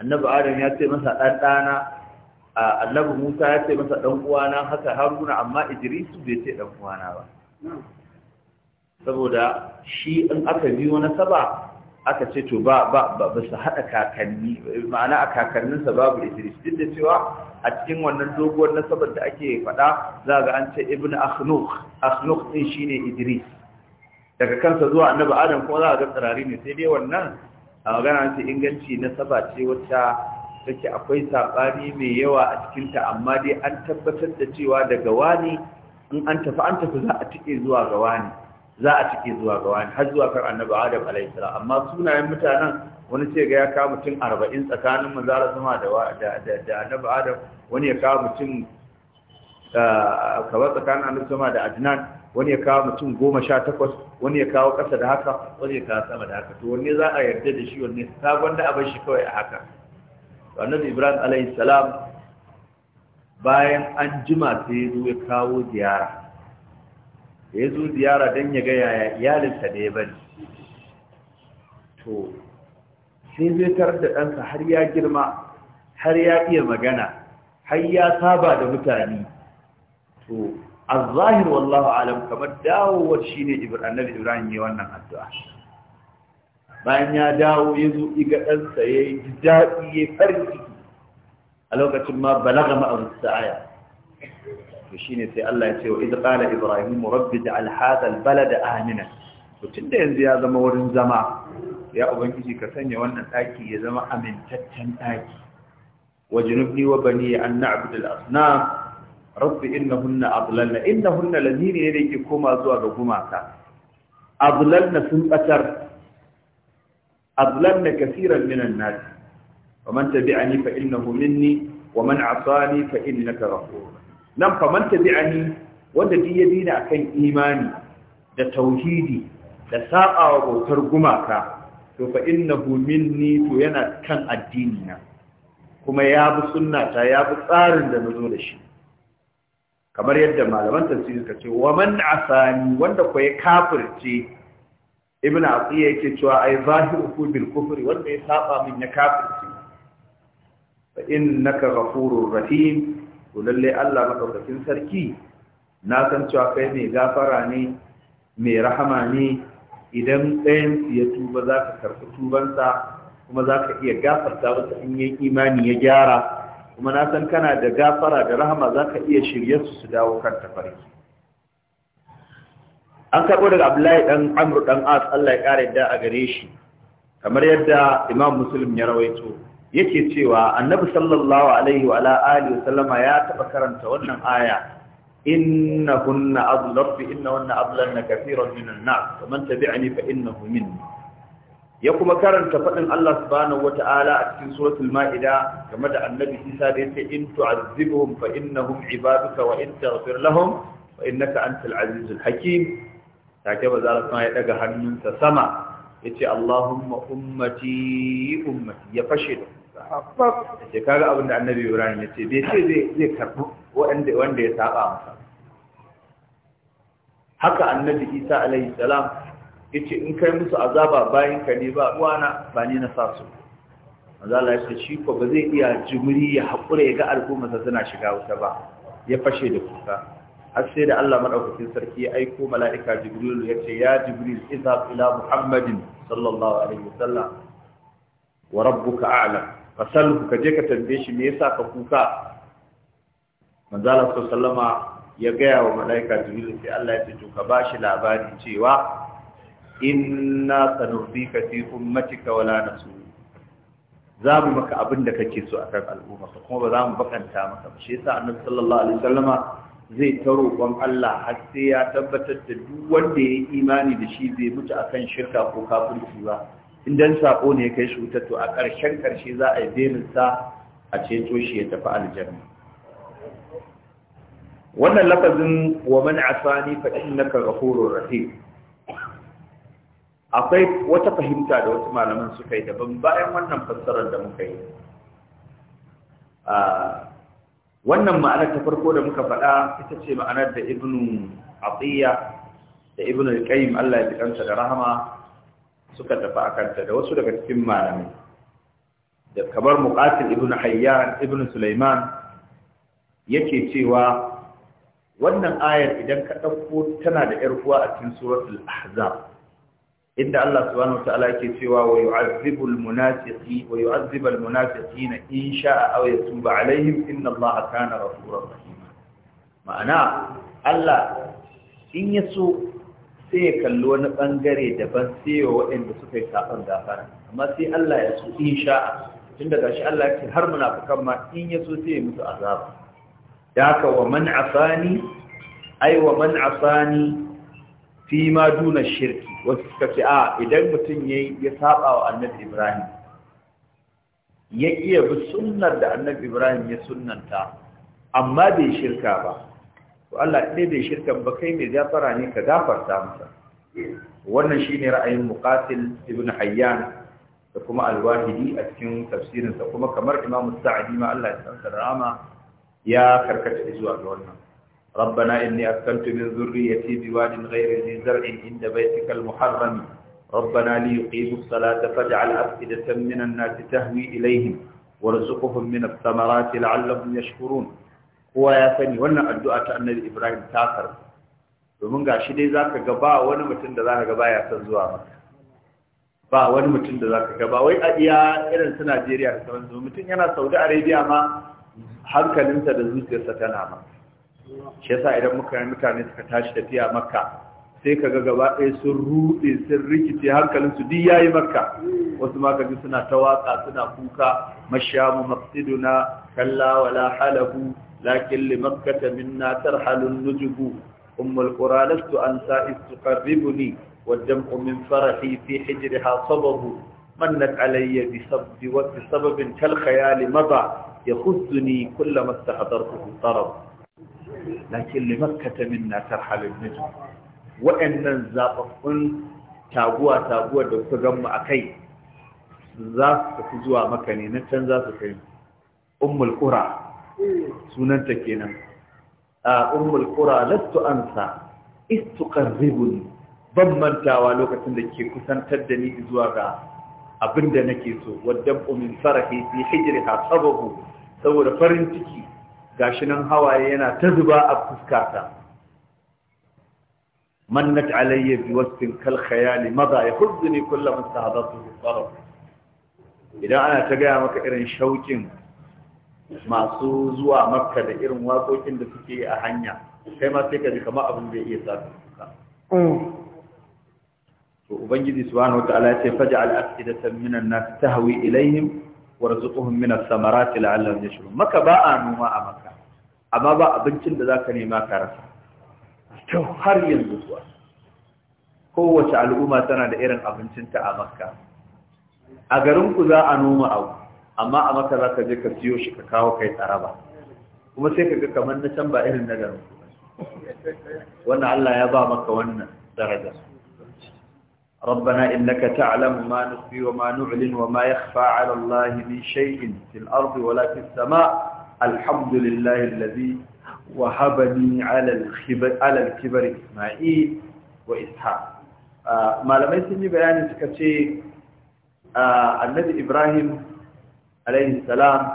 annabi Adam ya ce masa dan dana annabi Musa ya ce masa dan uwana haka Haruna amma Idris bai ce dan uwana ba saboda shi in aka biyo nasaba aka ce to ba ba ba su haɗa kakanni ma'ana a kakanninsa babu idris duk da cewa a cikin wannan doguwar nasabar da ake faɗa za ga an ce ibn akhnuq akhnuq din shine idris daga kansa zuwa annabi adam kuma za a ga tsirari ne sai dai wannan a magana ce inganci nasaba ce wacce take akwai saɓani mai yawa a cikinta amma dai an tabbatar da cewa daga wani in an tafi an tafi za a tike zuwa ga wani za a cike zuwa ga wani har zuwa kan annabi adam alaihi salam amma sunayen mutanen wani ce ga ya kawo mutum arba'in tsakanin manzara sama da da annabi adam wani ya kawo mutum ah, kawar tsakanin annabi sama da adnan wani ya kawo mutum goma sha takwas wani ya kawo ƙasa da haka wani ya kawo sama da haka to wanne za a yarda da shi wanne sabon da abin shi kawai a haka annabi ibrahim alaihi salam bayan an jima sai ya zo ya kawo ziyara da ya zo ziyara don ya gaya ya iyalinsa da ya bari to sai zai tarar da ɗansa har ya girma har ya iya magana har ya saba da mutane to a zahir wallahu alam kamar dawowar shi ne annabi ibrahim ya wannan addu'a bayan ya dawo ya zo iga ɗansa ya yi daɗi ya farin ciki a lokacin ma balaga ma'aurata aya to shine sai Allah ya ce wa idh qala ibrahim rabbi ja'al hadha albalada amina to tunda yanzu ya zama wurin zama ya ubangiji ka sanya wannan daki ya zama amintaccen daki wajnubni wa bani an na'budu al-asnam rabbi innahunna adlalna innahunna ladhina ne da yake koma zuwa ga gumaka adlalna sun batar adlalna kaseeran minan nas ومن تبعني فإنه مني ومن عصاني فإنك غفور nan faman tabi'ani wanda duk ya dina akan imani da tauhidi da sabawa bautar gumaka to fa innahu minni to yana kan addini na kuma ya bi sunnata ya bi tsarin da nazo da shi kamar yadda malaman tafsiri suka ce wa man asani wanda ko ya kafirce ibn asiya yake cewa ai zahiru ku bil kufri wanda ya saba min ya kafirce fa innaka ghafurur rahim to lalle Allah madaukakin sarki na san cewa kai mai gafara ne mai rahama ne idan ɗayan ya tuba za ka karɓi tubansa kuma za ka iya gafarta masa in yi imani ya gyara kuma na san kana da gafara da rahama za ka iya shirye su su dawo kan tafarki an karɓo daga abdullahi ɗan amur ɗan as allah ya ƙara yadda a gare shi kamar yadda imam muslim ya rawaito yake cewa annabi sallallahu alaihi wa ala alihi sallama ya taba karanta wannan aya innahunna adlaf innahunna adlanna kaseeran minan nas man tabi'ani fa innahu minni ya kuma karanta fadin Allah subhanahu wata'ala a cikin suratul ma'ida game da annabi Isa da yace in tu'azzibuhum fa innahum ibaduka wa in taghfir lahum fa innaka antal azizul hakim take ba za ya daga hannunsa sama yace Allahumma ummati ummati ya fashe da ya kaga abin da annabi ibrahim ya ce bai ce zai karɓi wanda ya saba masa haka annabi isa alaihi salam ya ce in kai musu azaba bayan ka ne ba uwana ba ni na sa su azala ya ce shi ko ba zai iya jimiri ya haƙura ya ga al'ummarsa suna shiga wuta ba ya fashe da kusa har sai da Allah madaukakin sarki ya aiko mala'ika jibril ya ce ya jibril idhab ila muhammadin sallallahu alaihi wasallam wa rabbuka a'lam fasal ka je ka tambaye shi me yasa ka kuka manzo sallama ya gaya wa malaika jibril sai Allah ya ce to ka bashi labari cewa inna sanurdika fi ummatika wala nasu za mu maka abin da kake so akan al'umma kuma ba za mu bakanta maka ba shi yasa annabi sallallahu alaihi wasallama zai ta roƙon Allah har sai ya tabbatar da duk wanda ya yi imani da shi zai mutu akan shirka ko kafirci ba in dan sako ne ya kai shi wuta to a ƙarshen ƙarshe za a yi belin a ceto shi ya tafi aljanna wannan lafazin wa man asani fa innaka ghafurur rahim akwai wata fahimta da wasu malaman suka yi daban bayan wannan fassarar da muka yi wannan ma'anar ta farko da muka faɗa ita ce ma'anar da ibnu atiya da ibnu al-qayyim Allah ya ji da rahama suka tafi a kanta da wasu daga cikin malamai da kamar muqatil ibn hayyan ibn sulaiman yake cewa wannan ayar idan ka ɗauko tana da ‘yar uwa a cikin suratul ahzab inda Allah subhanahu wa ta'ala yake cewa wa yu'azzibul munafiqi wa yu'azzibul munafiqina in sha'a aw yatubu alaihim inna Allah kana ghafurur rahima ma'ana Allah in yaso sai ya kalli wani bangare daban sai wa waɗanda suka yi saɓon gafara amma sai Allah ya so in sha'a tun daga shi Allah ya ce har munafukan ma in ya so sai ya musu azaba da haka wa man asani ai wa man asani fi ma duna shirki wasu suka ce a idan mutum ya ya saɓa wa annabi Ibrahim ya iya bi sunnar da annabi Ibrahim ya sunnanta amma bai shirka ba to Allah sai bai shirka ba kai mai gafara ne ka gafarta masa wannan shine ra'ayin muqatil ibn hayyan da kuma al-wahidi a cikin tafsirinsa kuma kamar imam sa'di ma Allah ya san rama ya karkata zuwa ga wannan ربنا إني أسكنت من ذريتي بواد غير ذي زرع عند بيتك المحرم ربنا ليقيموا الصلاة فاجعل أفئدة من الناس تهوي إليهم وارزقهم من الثمرات لعلهم يشكرون kowa ya sani wannan addu'a ta annabi ibrahim ta karbu domin ga shi dai zaka ga ba wani mutum da zaka ga ya san zuwa maka ba wani mutum da zaka ga ba wai a iya irin su Najeriya da sauran mutum yana Saudi Arabia ma hankalinsa da zuciyarsa tana ma shi yasa idan muka yi mutane suka tashi tafiya makka sai ka ga gaba ɗaya sun ruɗe sun rikice hankalin hankalinsu duk yayi makka wasu ma kaji suna ta waka suna kuka mashamu mafsiduna kalla wala halahu لكن لمكة منا ترحل النجب أم القرى لست أنسى إذ تقربني والدمع من فرحي في حجرها صبب منت علي بسبب وبسبب كالخيال مضى يخزني كلما استحضرته الطرب لكن لمكة منا ترحل النجم وإن زاقفون taguwa تابوا تابوا دكتور جمع أكي akai za مكاني tafi أم القرى sunanta kenan a ummul qura lattu ansa istuqarribuni ban mantawa lokacin da ke kusantar da ni zuwa ga abinda nake so waddan min farahi fi hijriha sabahu saboda farin ciki gashi nan hawaye yana ta zuba a fuskata mannat alayya bi wasfin kal khayal madha yahuzni kullama sahabatu bi idan ana ta gaya maka irin shaukin masu zuwa makka da irin waƙoƙin da suke a hanya kai ma sai ka ji kamar abin da iya sa ka mm. to ubangiji subhanahu wataala sai ce faj'al afidatan minan nas tahwi ilaihim warzuquhum min as thamarati la'allahum yashkurun Makka ba a noma a Makka, amma ba abincin da zaka nema ka rasa to har yanzu kuwa kowace al'umma tana da irin abincinta a makka a garin ku za a noma abu amma a maka za ka je ka siyo shi ka kawo kai tsaraba kuma sai ka ga kamar na can ba irin na garin wannan Allah ya ba maka wannan daraja ربنا إنك تعلم ما نخفي وما نعلن وما يخفى على الله من شيء في الأرض ولا في السماء الحمد لله الذي وهبني على الخبر على الكبر إسماعيل وإسحاق آه ما لم يسمي بيان تكتي آه النبي إبراهيم alaihi salam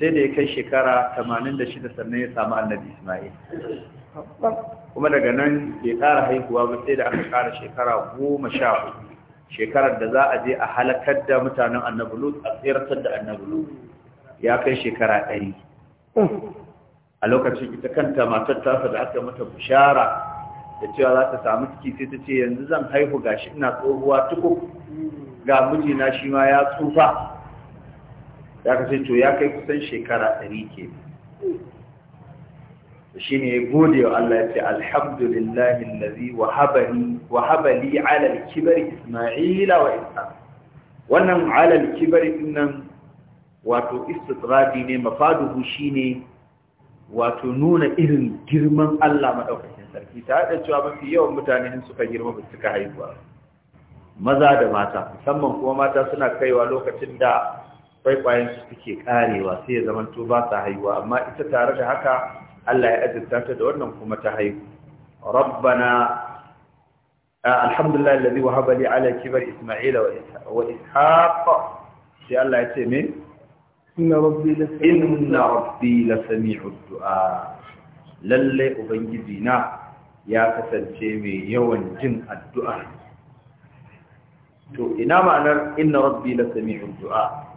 sai da ya kai shekara 86 sannan ya samu annabi Ismail kuma daga nan ya ƙara haihuwa ba sai da aka kara shekara 14 shekarar da za a je a halakar da mutanen annabi Lut a tsirtar da annabi Lut ya kai shekara 100 a lokacin ita kanta matar tasa da aka mata bishara da cewa za ta samu ciki sai ta ce yanzu zan haihu gashi ina tsohuwa tukur. ga mijina shi ma ya tsufa ya kasance to ya kai kusan shekara ɗari ke shi ne gode wa Allah ya ce alhamdulillahi lazi wahabali alal kibar isma'ila wa isa wannan alal kibar nan wato istitradi ne mafaduhu shi ne wato nuna irin girman Allah maɗaukakin sarki ta haɗa cewa mafi yawan mutane suka girma ba suka haihuwa maza da mata musamman kuma mata suna kaiwa lokacin da kwaikwayen su suke karewa sai ya zamanto ba sa haihuwa amma ita tare da haka Allah ya azurta ta da wannan kuma ta haihu rabbana alhamdulillah alladhi wahaba li ala kibar isma'ila wa ishaq sai Allah ya ce me inna rabbi la inna rabbi la du'a lalle ubangiji na ya kasance mai yawan jin addu'a to ina ma'anar inna rabbi la sami'u du'a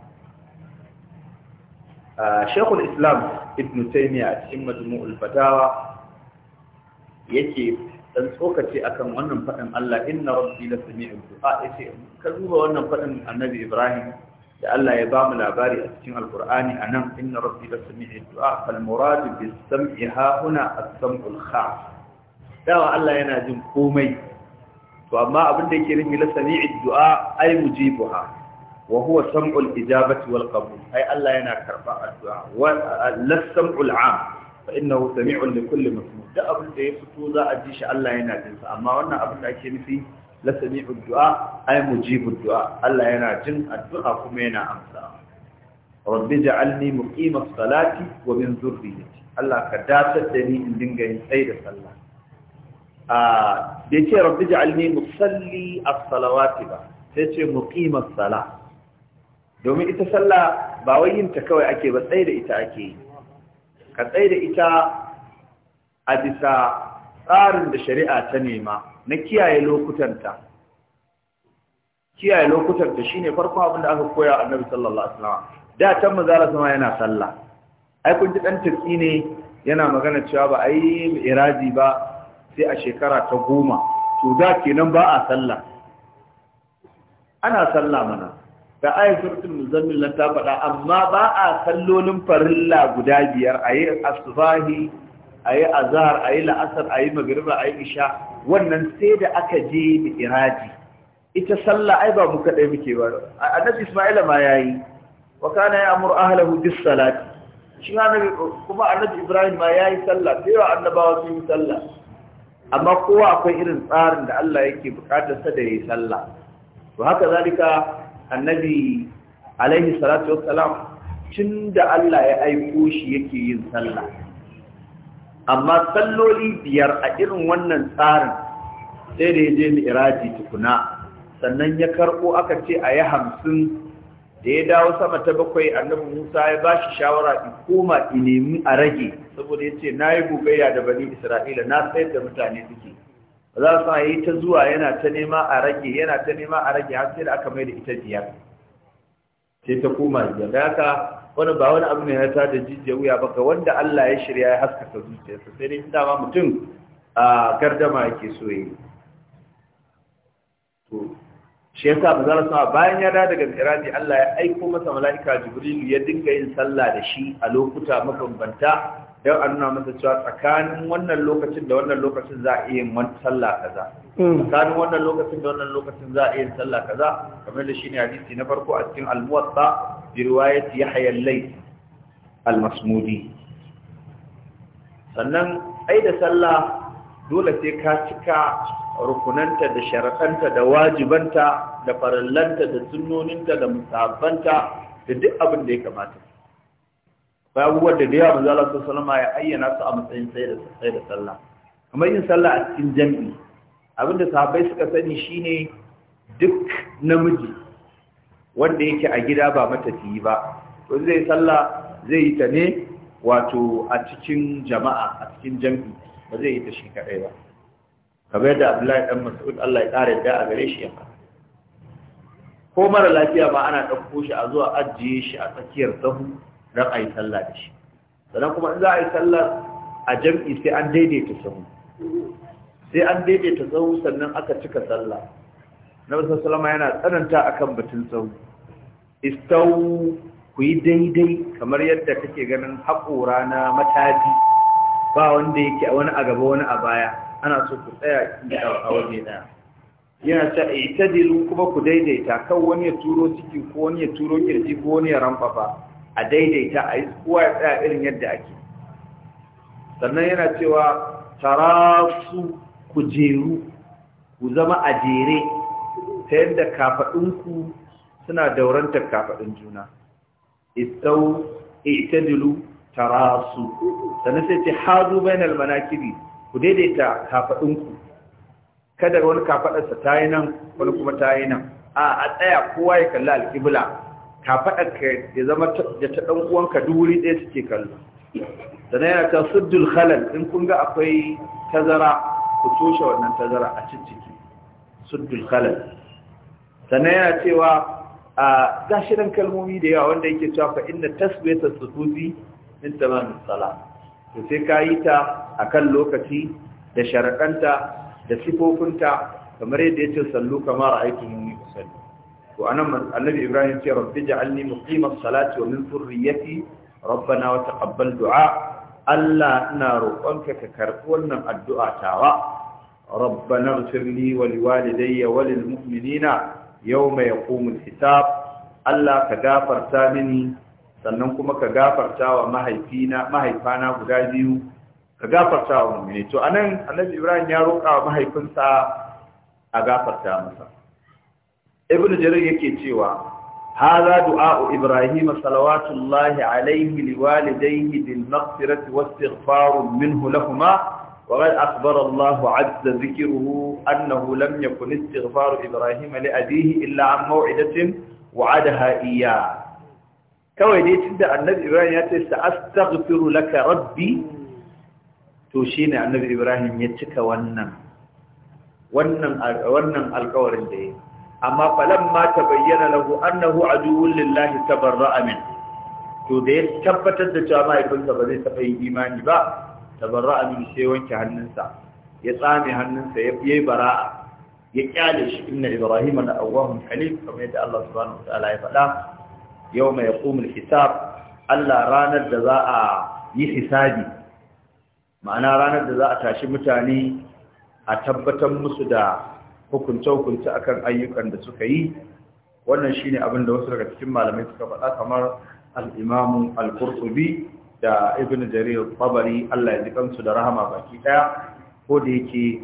shekul islam ibn taimiyya a cikin majmu'ul fatawa yake dan tsokace akan wannan faɗin Allah inna rabbi la sami'ud du'a yace ka duba wannan faɗin annabi Ibrahim da Allah ya ba mu labari a cikin alqur'ani anan inna rabbi la sami'ud du'a fal murad bis sam'i ha huna as-sam'ul khas dawa Allah yana jin komai to amma abin da yake nufi la sami'ud du'a ay mujibuha wa huwa sam'ul ijabati wal qabul ai Allah yana karba addu'a wa la sam'ul 'am fa innahu sami'un li kulli masmu' da abin da ya fito za a ji shi Allah yana jin sa amma wannan abin da ake nufi la sami'u du'a ai mujibu du'a Allah yana jin addu'a kuma yana amsa rabbi ja'alni muqima as-salati wa min dhurriyyati Allah ka datar da ni in dinga yin tsayi da sallah a da ce rabbi ja'alni musalli as-salawati ba sai ce muqima as-salah domin ita sallah ba wai yinta kawai ake ba tsaye da ita ake ka tsaye da ita a bisa tsarin da shari'a ta nema na kiyaye lokutanta kiyaye lokutanta shine farko abin da aka koya annabi sallallahu alaihi wasallam da can manzala sama yana sallah ai kun ji dan ne yana magana cewa ba ai iraji ba sai a shekara ta goma to da kenan ba a sallah ana sallah mana da ayat suratul muzammil nan ta faɗa amma ba a sallolin farilla guda biyar A yi ayi asbahi ayi a yi la'asar a yi Magariba, a yi isha wannan sai da aka je da iraji ita sallah ai ba mu kaɗai muke ba annabi isma'ila ma ya yi? wa kana ya'muru ahlihi bis salati shi annabi kuma annabi ibrahim ma ya yi sallah sai wa annabawa sun yi sallah amma kowa akwai irin tsarin da Allah yake bukatar sa da yayi sallah to haka zalika annabi alaihi salatu wassalam tun da Allah ya aiko shi yake yin sallah amma salloli biyar a irin wannan tsarin sai da ya je mi'raji tukuna sannan ya karɓo aka ce a yi hamsin da ya dawo sama ta bakwai annabi musa ya ba shi shawara in koma in nemi a rage saboda ya ce na yi da bani isra'ila na sayar da mutane suke za su yi ta zuwa yana ta nema a rage yana ta nema a rage har sai da aka mai da ita biyar sai ta koma biyar da haka wani ba wani abu ne ya ta da jijiya wuya ba ga wanda Allah ya shirya ya haskaka zuciyarsa sai dai dama mutum a gardama yake so yi to shi yasa su bayan ya dawo daga Irani Allah ya aiko masa mala'ika Jibrilu ya dinga yin sallah da shi a lokuta mabambanta Yau a nuna masa cewa tsakanin wannan lokacin da wannan lokacin za a iya yin wani sallah kaza hmm. tsakanin wannan lokacin da wannan lokacin za a iya yin sallah kaza kamar da shine hadisi na farko a cikin al-muwatta bi riwayat yahya al-layth al-masmudi sannan ai da sallah dole sai ka cika rukunanta da sharafanta da wajibanta da farallanta da sunnoninta da musabanta da duk abin da ya kamata akwai abubuwan da da yawa Allah sallallahu alaihi ya ayyana su a matsayin sai da sallah kamar yin sallah a cikin jami'i abinda sahabbai suka sani shine duk namiji wanda yake a gida ba matafiyi ba to zai sallah zai yi ta ne wato a cikin jama'a a cikin jami'i ba zai yi ta shi kadai ba kamar yadda Abdullahi dan Mas'ud Allah ya kare da a gare shi ya ko mara lafiya ba ana ɗauko shi a zuwa ajiye shi a tsakiyar sahu don a yi sallah da shi sannan kuma in za a yi sallah a jam'i sai an daidaita sahu sai an daidaita sahu sannan aka cika sallah na wasu salama yana tsananta akan batun sahu istau ku yi daidai kamar yadda kake ganin haƙora na matafi. ba wanda yake wani a gaba wani a baya ana so ku tsaya a waje ɗaya yana ta dilu kuma ku daidaita kan wani ya turo ciki ko wani ya turo kirji ko wani ya ramfafa a daidaita a yi kowa ya tsaya irin yadda ake sannan yana cewa tara su ku ku zama a jere ta yadda kafaɗinku suna daurantar kafaɗin juna istau itadilu tara su sannan sai ce hazu bainal almanakiri ku daidaita kafaɗinku kada wani kafaɗarsa ta yi nan wani kuma ta yi nan a a tsaya kowa ya kalli alƙibla ka ya zama da ta ɗan uwanka duri ɗaya suke kallo sannan yana ta suddul khalal in kun ga akwai tazara ku toshe wannan tazara a cikin suddul khalal sannan yana cewa a gashirin kalmomi da yawa wanda yake cewa fa inna tasbiyatu sufufi min tamam tsala. to sai ka yi ta a kan lokaci da sharaɗanta da sifofinta kamar yadda ya ce sallu kamar aikin yi usalli to anan annabi ibrahim ce rabbi ja'alni muqimas salati wa min dhurriyyati rabbana wa taqabbal du'a Allah ina roƙonka ka karɓi wannan addu'a tawa rabbana walidai wa liwalidayya wa lil mu'minina yawma yaqumul hisab Allah ka gafarta mini sannan kuma ka gafarta wa mahaifina mahaifana guda biyu ka gafarta wa mu'mini to anan annabi ibrahim ya roƙa wa mahaifinsa a gafarta masa ibn jarir yake cewa haza du'a'u ibrahim salawatullahi alayhi liwalidayhi bil maghfirati wastighfar minhu lahumā وقد أخبر الله عز ذكره أنه لم يكن استغفار إبراهيم لأبيه إلا عن موعدة وعدها إياه kawai dai tunda annabi ibrahim ya ce astaghfiru laka rabbi to shine annabi ibrahim ya cika wannan wannan wannan alƙawarin da yake amma falamma bayyana lahu annahu aduwwun lillahi tabarra'a amin. to da ya tabbatar da cewa mahaifinsa ba zai taɓa yin imani ba tabarra'a min sai wanke hannunsa ya tsame hannunsa ya yi bara'a ya kyale shi inna ibrahima na awwahum halim kamar yadda Allah subhanahu wataala ya faɗa mai yaqumul hisab Allah ranar da za a yi hisabi ma'ana ranar da za a tashi mutane a tabbatar musu da hukunce-hukunce a kan ayyukan da suka yi wannan shine abin da wasu daga cikin malamai suka faɗa kamar al-imam al-qurtubi da ibn jarir tabari Allah ya ji kansu da rahama baki ɗaya. ko da yake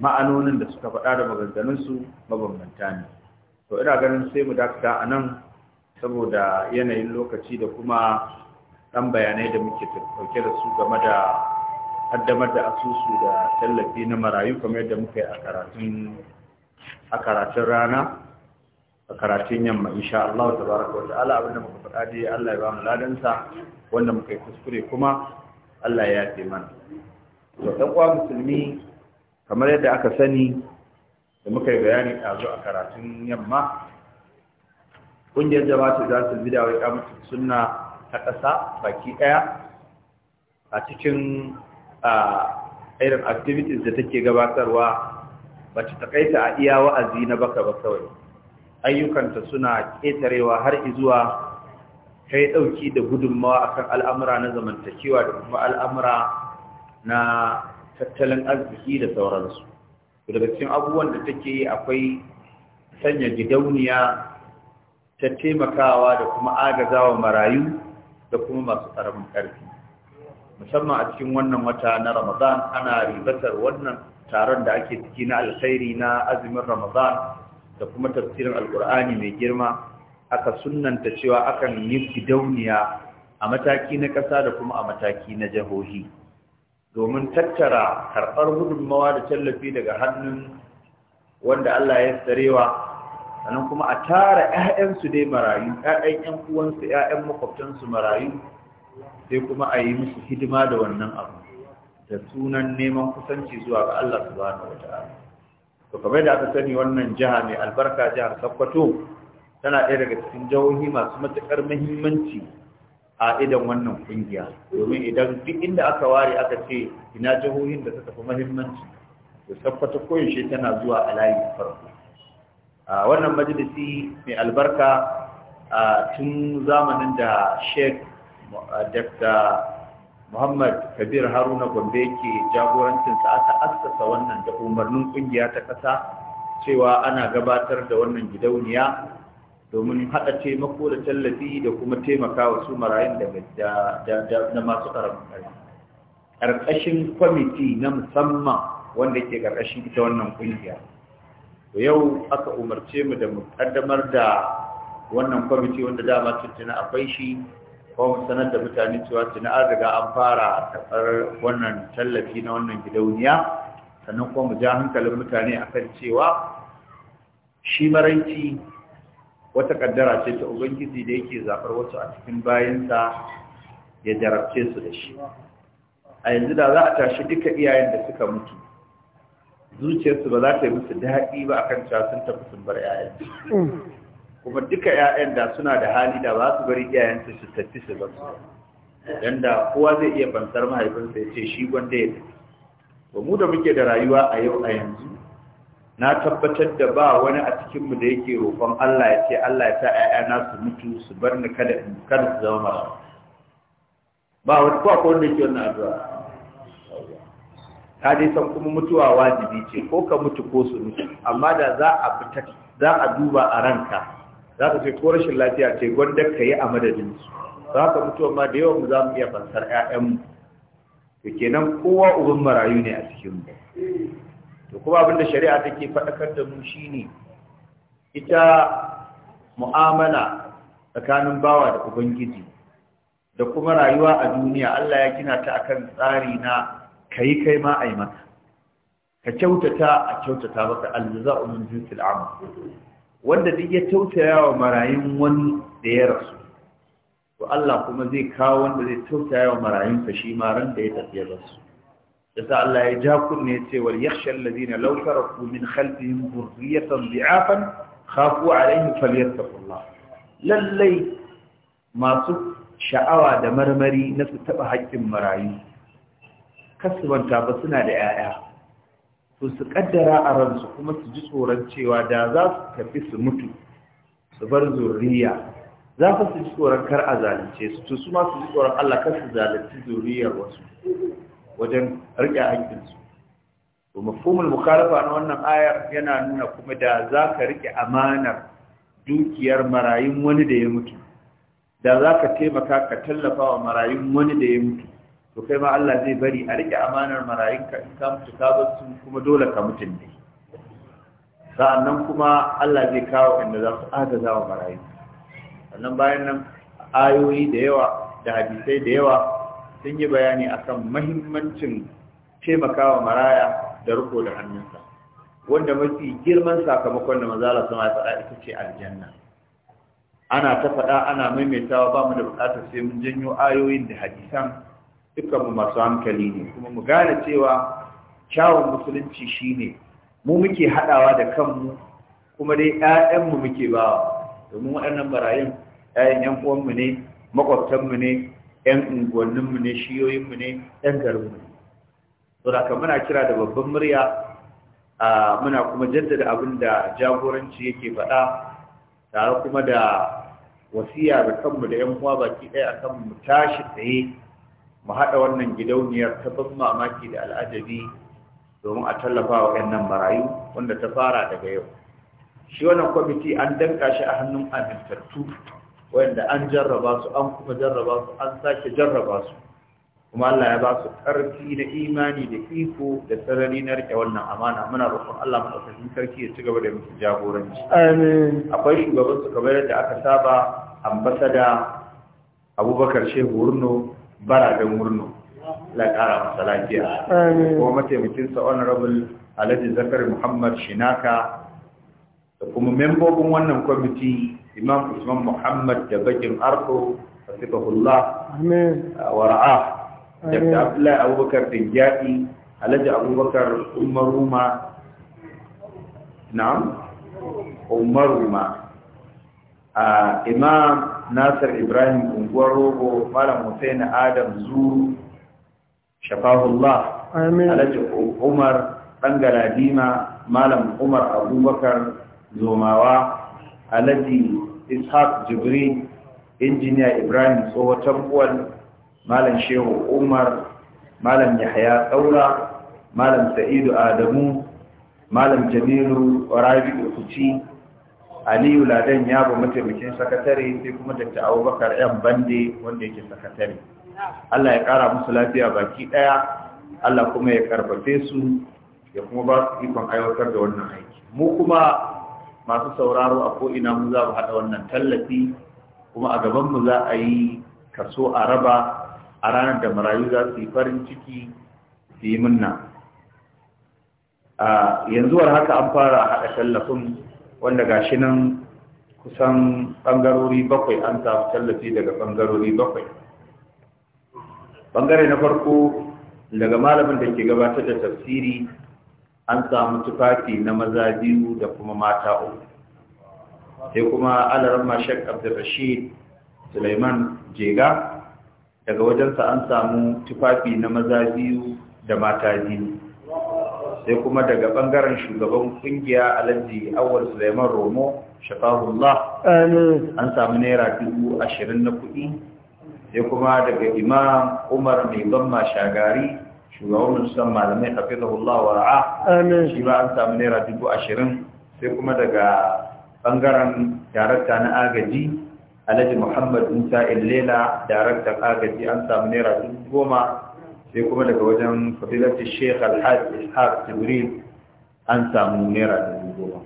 ma'anonin da suka faɗa da maganganunsu mabambanta ne to ina ganin sai mu dakata anan saboda yanayin lokaci da kuma ɗan bayanai da muke ɗauke da su game da kaddamar da asusu da tallafi na marayu kamar yadda muka yi a karatun rana a karatun yamma insha Allah ta baraka wa ta'ala abinda muka faɗa dai Allah ya ba mu ladansa wanda muka yi kuskure kuma Allah ya yafe mana to ɗan uwa musulmi kamar yadda aka sani da muka yi bayani ɗazu a karatun yamma ƙungiyar jama'a za su bi da wai sunna ta ƙasa baki ɗaya a cikin A irin activities da take gabatarwa ba ta kaita a iya wa'azi na baka ba kawai ayyukanta suna ƙetarewa har izuwa kai ɗauki da gudunmawa akan al'amura na zamantakewa da kuma al'amura na tattalin arziki da sauransu daga cikin abubuwan da take yi akwai sanya gidauniya ta taimakawa da kuma agazawa marayu da kuma masu ƙaramin ƙarfi musamman a cikin wannan wata na ramadan ana ribatar wannan taron da ake ciki na alkhairi na azumin ramadan da kuma tafsirin alkur'ani mai girma aka sunnanta cewa akan yi gidauniya a mataki na ƙasa da kuma a mataki na jihohi domin tattara karɓar gudunmawa da tallafi daga hannun wanda Allah ya tsarewa sannan kuma a tara 'ya'yansu dai marayu 'ya'yan 'yan uwansu 'ya'yan makwabtansu marayu sai kuma a yi musu hidima da wannan abu da sunan neman kusanci zuwa ga Allah subhanahu wata'ala to kamar da aka sani wannan jiha mai albarka jihar Sakkwato tana ɗaya daga cikin jihohi masu matuƙar muhimmanci a idan wannan ƙungiya. domin idan duk inda aka ware aka ce ina jihohin da suka fi muhimmanci to Sokoto koyaushe tana zuwa a layin farko a wannan majalisi mai albarka a tun zamanin da Sheikh dakta muhammad kabir haruna gombe ke jagorancinsa aka assasa wannan da umarnin kungiya ta ƙasa cewa ana gabatar da wannan gidauniya domin haɗa taimako da tallafi da kuma taimakawa su marayun da masu ƙaramin ƙarfi ƙarƙashin kwamiti na musamman wanda ke ƙarƙashin ita wannan ƙungiya yau aka umarce mu da mu ƙaddamar da wannan kwamiti wanda dama tuntuna akwai shi ko mu sanar da mutane cewa su an riga an fara karɓar wannan tallafi na wannan gidauniya sannan kuma mu ja hankalin mutane akan cewa shi maranci wata kaddara ce ta ubangiji da yake zaɓar wasu a cikin bayansa ya jarabce su da shi a yanzu da za a tashi duka iyayen da suka mutu zuciyarsu ba za ta yi musu daɗi ba akan cewa sun tafi sun bar 'ya'yansu mm. kuma duka 'ya'yan da suna da hali da ba su bari iyayensu su tafi su bar su da kowa zai iya bantar mahaifinsa ya ce shi gwanda ya tafi ba mu da muke da rayuwa a yau a yanzu na tabbatar da ba wani a cikinmu da yake roƙon Allah ya ce Allah ya sa 'ya'yana su mutu su bar ni kada in kada su zama mara ba wani ko akwai wanda yake wannan addu'a ka dai san kuma mutuwa wajibi ce ko ka mutu ko su mutu amma da za a fita za a duba a ranka za ka ce ko rashin lafiya ce gwanda ka yi a madadin su za ka mutu amma da yawan mu za mu iya fansar 'ya'yanmu to kenan kowa uban marayu ne a cikin mu to kuma abinda shari'a take faɗakar da mu shine ita mu'amala tsakanin bawa da ubangiji da kuma rayuwa a duniya Allah ya gina ta akan tsari na kai kai ma ai maka ka kyautata a kyautata maka aljaza'u min jinsil amal wanda duk ya tautaya wa marayun wani da ya rasu to Allah kuma zai kawo wanda zai tausaya wa marayun shi ma ran da ya tafi ya rasu yasa Allah ya ja kunne ya ce wal yakhsha alladhina law taraku min khalfihim dhurriyatan dhi'afan khafu alaihim falyattaqullah lallai masu sha'awa da marmari na su taba haƙƙin marayu kasubanta ba suna da 'ya'ya su su kaddara a ransu kuma su ji tsoron cewa da za su tafi su mutu su bar zuriya za su ji tsoron kar a zalunce su to su ma su ji tsoron Allah kar su zalunci zuriyar wasu wajen rike haƙƙinsu to mafhumul mukhalafa na wannan ayar yana nuna kuma da za ka rike amanar dukiyar marayun wani da ya mutu da za ka taimaka ka tallafa wa marayun wani da ya mutu to kai ma Allah zai bari a rike amanar marayinka in ka mutu ka bar su kuma dole ka mutum ne sa'annan kuma Allah zai kawo inda za su agaza wa marayin sannan bayan nan ayoyi da yawa da hadisai da yawa sun yi bayani akan mahimmancin taimakawa maraya da riko da hannunsa wanda mafi girman sakamakon da mazala sama ya faɗa ita ce aljanna ana ta faɗa ana maimaitawa ba mu da buƙatar sai mun janyo ayoyin da hadisan dukkanmu masu hankali ne kuma mu gane cewa kyawun musulunci shine mu muke haɗawa da kanmu kuma dai 'ya'yanmu muke bawa domin waɗannan barayin 'ya'yan 'yan uwanmu ne maƙwabtanmu ne 'yan unguwanninmu ne shiyoyinmu ne 'yan garinmu ne to da muna kira da babban murya muna kuma jaddada abin da jagoranci yake faɗa tare kuma da wasiya da kanmu da 'yan uwa baki ɗaya akan mu tashi tsaye mu haɗa wannan gidauniyar ta ban mamaki da al'ajabi domin a tallafa wa nan marayu wanda ta fara daga yau shi wannan kwamiti an danka shi a hannun amintattu wanda an jarraba su an kuma jarraba su an sake jarraba su kuma Allah ya ba su ƙarfi na imani da iko da sarari na rike wannan amana muna roƙon Allah madaukakin sarki ya ci gaba da musu jagoranci amin akwai shugaban su kamar yadda aka saba ambasada Abubakar Shehu Wurno bara ɗan murnu la ƙara masa lafiya kuma mataimakinsa honorable alhaji zakar muhammad shinaka da kuma membobin wannan kwamiti imam usman muhammad da bakin arko a sikahullah wa ra'a da abdullahi abubakar dingyadi alhaji abubakar umaruma na'am umaruma imam nasir ibrahim unguwar rogo malam hussein adam zuru shafahullah alhaji umar dan galadima malam umar abubakar zomawa alhaji ishaq jibri injiniya ibrahim tsohon malam shehu umar malam yahaya tsaura malam sa'idu adamu malam jamilu rabi'u kuci aliyu ladan ya ba mataimakin sakatare sai kuma dr abubakar yan bande wanda yake sakatare allah ya ƙara musu lafiya baki ɗaya, allah kuma ya karfafe su ya kuma ba su ikon aiwatar da wannan aiki mu kuma masu sauraro a ko'ina mu za mu haɗa wannan tallafi kuma a gaban mu za a yi kaso a raba a ranar da marayu za su yi farin ciki su yi munna yanzu war haka an fara haɗa tallafin wanda gashi nan kusan ɓangarori bakwai an samu tallafi daga ɓangarori bakwai ɓangare na farko daga malamin da ke gabatar da tafsiri an samu tufafi na maza biyu da kuma mata uku sai kuma Alarar shek abdurrashid suleiman jega daga wajensa an samu tufafi na maza biyu da mata biyu sai kuma daga bangaren shugaban kungiya alhaji awal suleiman romo shafahullah an samu naira dubu ashirin na kuɗi sai kuma daga imam umar mai gamma shagari shugaban musamman malamai hafizahullah wa ra'a shi ba an samu naira dubu ashirin sai kuma daga bangaren darakta na agaji alhaji muhammad musa illela daraktan agaji an samu naira dubu goma sai kuma daga wajen fadilati sheikh alhaji ishaq jibril an samu naira da goma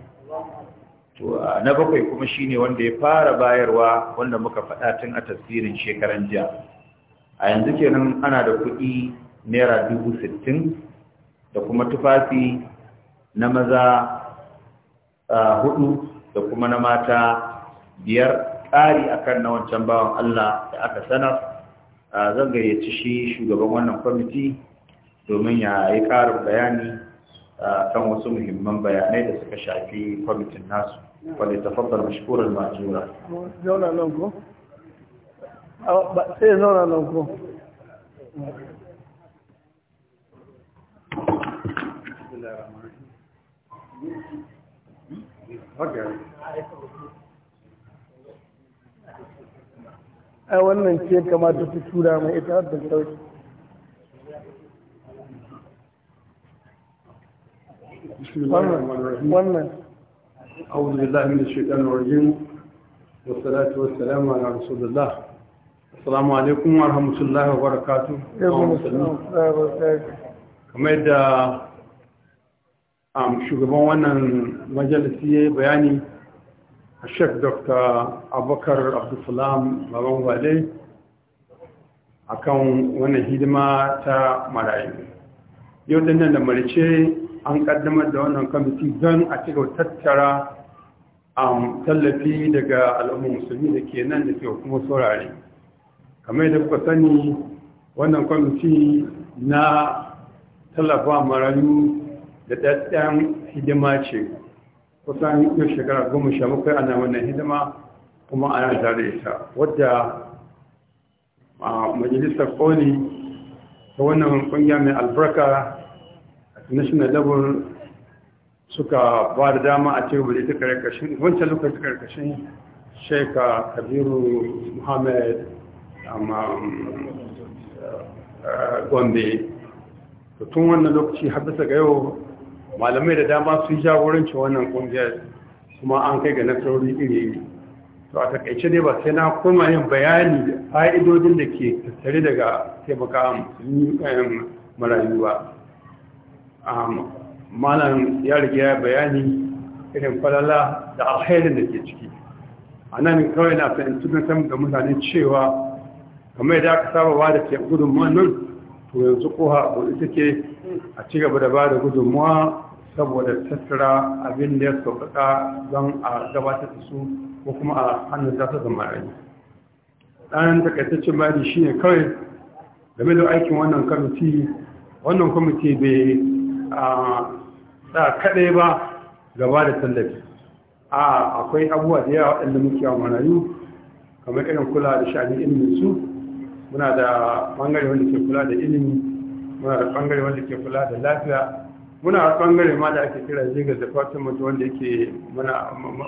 to na bakwai kuma shine wanda ya fara bayarwa wanda muka faɗa tun a tasirin shekaran jiya a yanzu kenan ana da kuɗi naira dubu sittin da kuma tufafi na maza hudu da kuma na mata biyar ƙari akan na wancan bawan Allah da aka sanar zan gayyaci shi shugaban wannan kwamiti domin ya yi ƙarin bayani kan wasu muhimman bayanai da suka shafi kwamitin nasu wadda tafafar mashikurar majura zauna nan ko? sai zauna nan ko? Okay. A wannan ce kamata su tura mai ita da sauki wannan أعوذ بالله من الشيطان الرجيم والصلاة والسلام على رسول الله السلام عليكم ورحمة الله shugaban wannan majalisi ya bayani Sheikh Dr. Abubakar Abdulsalam Baban Wale akan wannan hidima ta marayu. Yau dinnan da marice an ƙaddamar da wannan kwamiti don a cikin tattara um, tallafi daga al'ummar musulmi da ke nan da ke kuma saurare. Kamar da kuka sani wannan kwamiti na tallafa marayu da ɗaɗɗen hidima ce. kusan yau shekara goma sha bakwai ana wannan hidima kuma ana zare ta wadda a majalisar koli ta wannan kungiya mai albarka national level suka ba da dama a cewa da ta karkashin wancan lokaci karkashin sheka kabiru muhammad um, uh, gombe tun wannan lokaci har ga yau malamai da dama sun jagoranci wannan kungiyar kuma an kai ga nasarori iri-iri to a takaice dai ba sai na koma yin bayani da fa'idodin da ke tattare daga taimaka musulmi eh, marayu ba malam ya rage ya bayani irin falala da alherin da ke ciki a nan kawai na na san ga mutane cewa kamar da aka saba ba da ke gudunmuwa nan to yanzu koha ko ita ke a cigaba da ba da gudunmuwa saboda tattara abin da ya sauƙaƙa don a gabatar da su ko kuma a hannun ta da marayi ɗan takaitaccen bayani shi ne kawai game da aikin wannan kwamiti wannan kwamiti bai a kaɗai ba gaba da tallafi a akwai abubuwa da yawa waɗanda muke wa marayu kamar irin kula da sha'anin ilimin su muna da ɓangare wanda ke kula da ilimi muna da ɓangare wanda ke kula da lafiya muna a bangare ma da ake kira ziga department wanda yake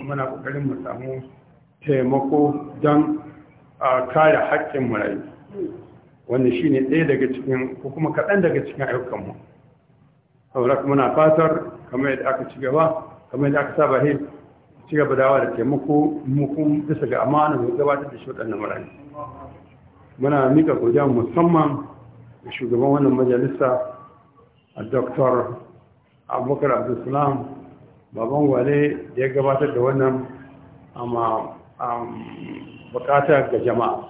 muna kokarin mu samu taimako don kare haƙƙin marayu wanda shi ne ɗaya daga cikin ko kuma kaɗan daga cikin ayyukanmu saboda muna fatar kamar yadda aka ci gaba kamar yadda aka saba hin ci gaba dawa da taimako mukun bisa ga amana mai gabatar da shi waɗannan marayu muna mika godiya musamman ga shugaban wannan majalisa a dr abubakar abdulsalam baban wale da ya gabatar da wannan amma bukata ga jama'a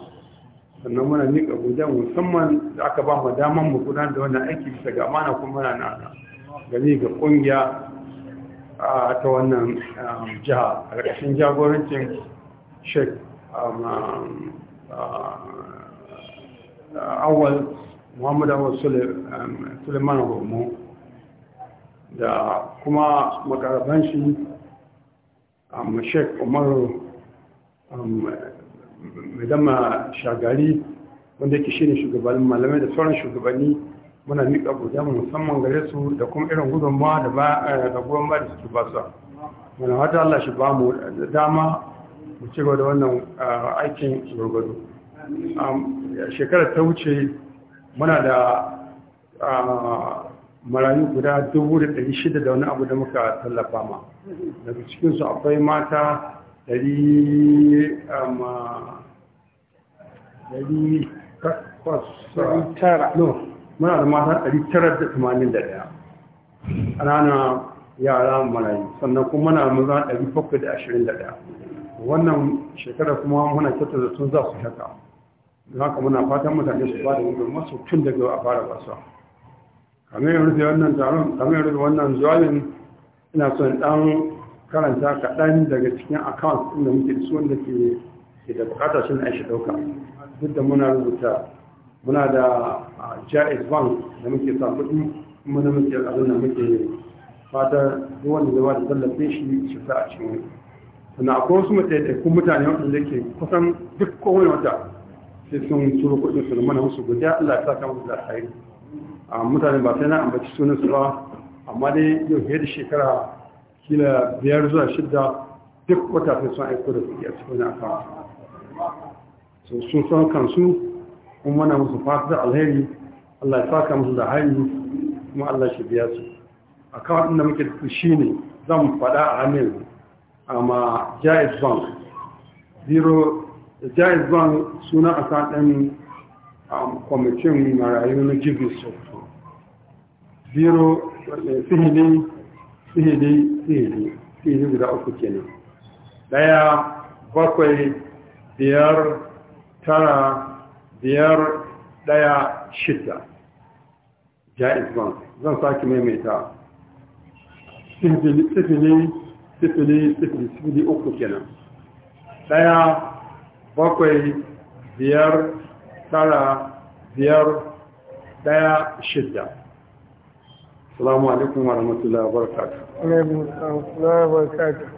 sannan muna nika gudan musamman da aka ba mu daman mu gudan da wannan aiki bisa ga amana kuma mana na gani ga kungiya ta wannan jiha a ƙarƙashin jagorancin shek awal muhammadu awal suleiman homo da kuma makaraban shi um, sheik umaru um, dama shagari wanda yake shi ne shugabannin malamai da sauran shugabanni muna nika guda musamman gare su da kuma irin gudunmuwa eh, da goyon ba da suke basa. mana wata Allah shi ba mu dama mu ci da wannan eh, aikin gurgudu um, shekarar ta wuce muna da ah, marayu guda dubu da ɗari shida da wani abu da muka tallafa ma daga cikinsu akwai mata ɗari ɗari takwas tara no muna da mata ɗari tara da tamanin da ɗaya ƙanana yara marayu sannan kuma muna maza ɗari bakwai da ashirin da ɗaya wannan shekara kuma muna kyautar da sun za su haka don haka muna fatan mutane su ba da gudunmasu tun daga a fara basa kamar rufe wannan taron kamar rufe wannan zuwalin ina son dan karanta kaɗan daga cikin account inda muke da su wanda ke da bukata shi na shi ɗauka duk da muna rubuta muna da jais bank da muke sa kuɗi muna muke abin da muke fata wanda zama da tallafin shi shi sa a cikin sannan akwai wasu matsayayyakun mutane wanda ke kusan duk kowane wata sai sun turo kuɗin su da mana musu guda allah ya saka musu da alhairi a mutane ba sai na ambaci sunansu ba amma dai yau fiye da shekara kila biyar zuwa shidda duk wata sai sun aiko da kuɗi a cikin aka so sun san kansu kuma mana musu fatar alheri Allah ya saka musu da hari kuma Allah shi biya su a ɗin da muke da shi ne zan faɗa a hannun amma jayis bank zero jayis bank suna a sa ɗan um, kwamitin marayu na jibin su biro eh, sihili sihili sihili sihili guda uku kenan daya bakwai biyar tara biyar daya shida jaiz bank zan sake maimaita sifili sifili sifili sifili sifili uku kenan daya bakwai biyar tara biyar daya shida السلام عليكم ورحمة الله وبركاته وعليكم السلام ورحمة الله وبركاته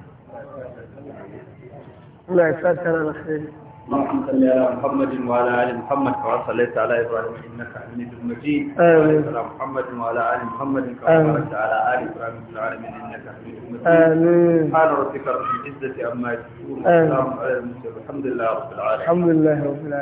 الله ya على الخير اللهم صل على محمد وعلى ال محمد كما صليت على ابراهيم انك حميد مجيد وعلى ال محمد وعلى ال محمد كما صليت على ال ابراهيم في العالمين انك حميد مجيد امين سبحان ربك رب العزه عما يصفون وسلام على المرسلين الحمد لله رب العالمين الحمد لله رب العالمين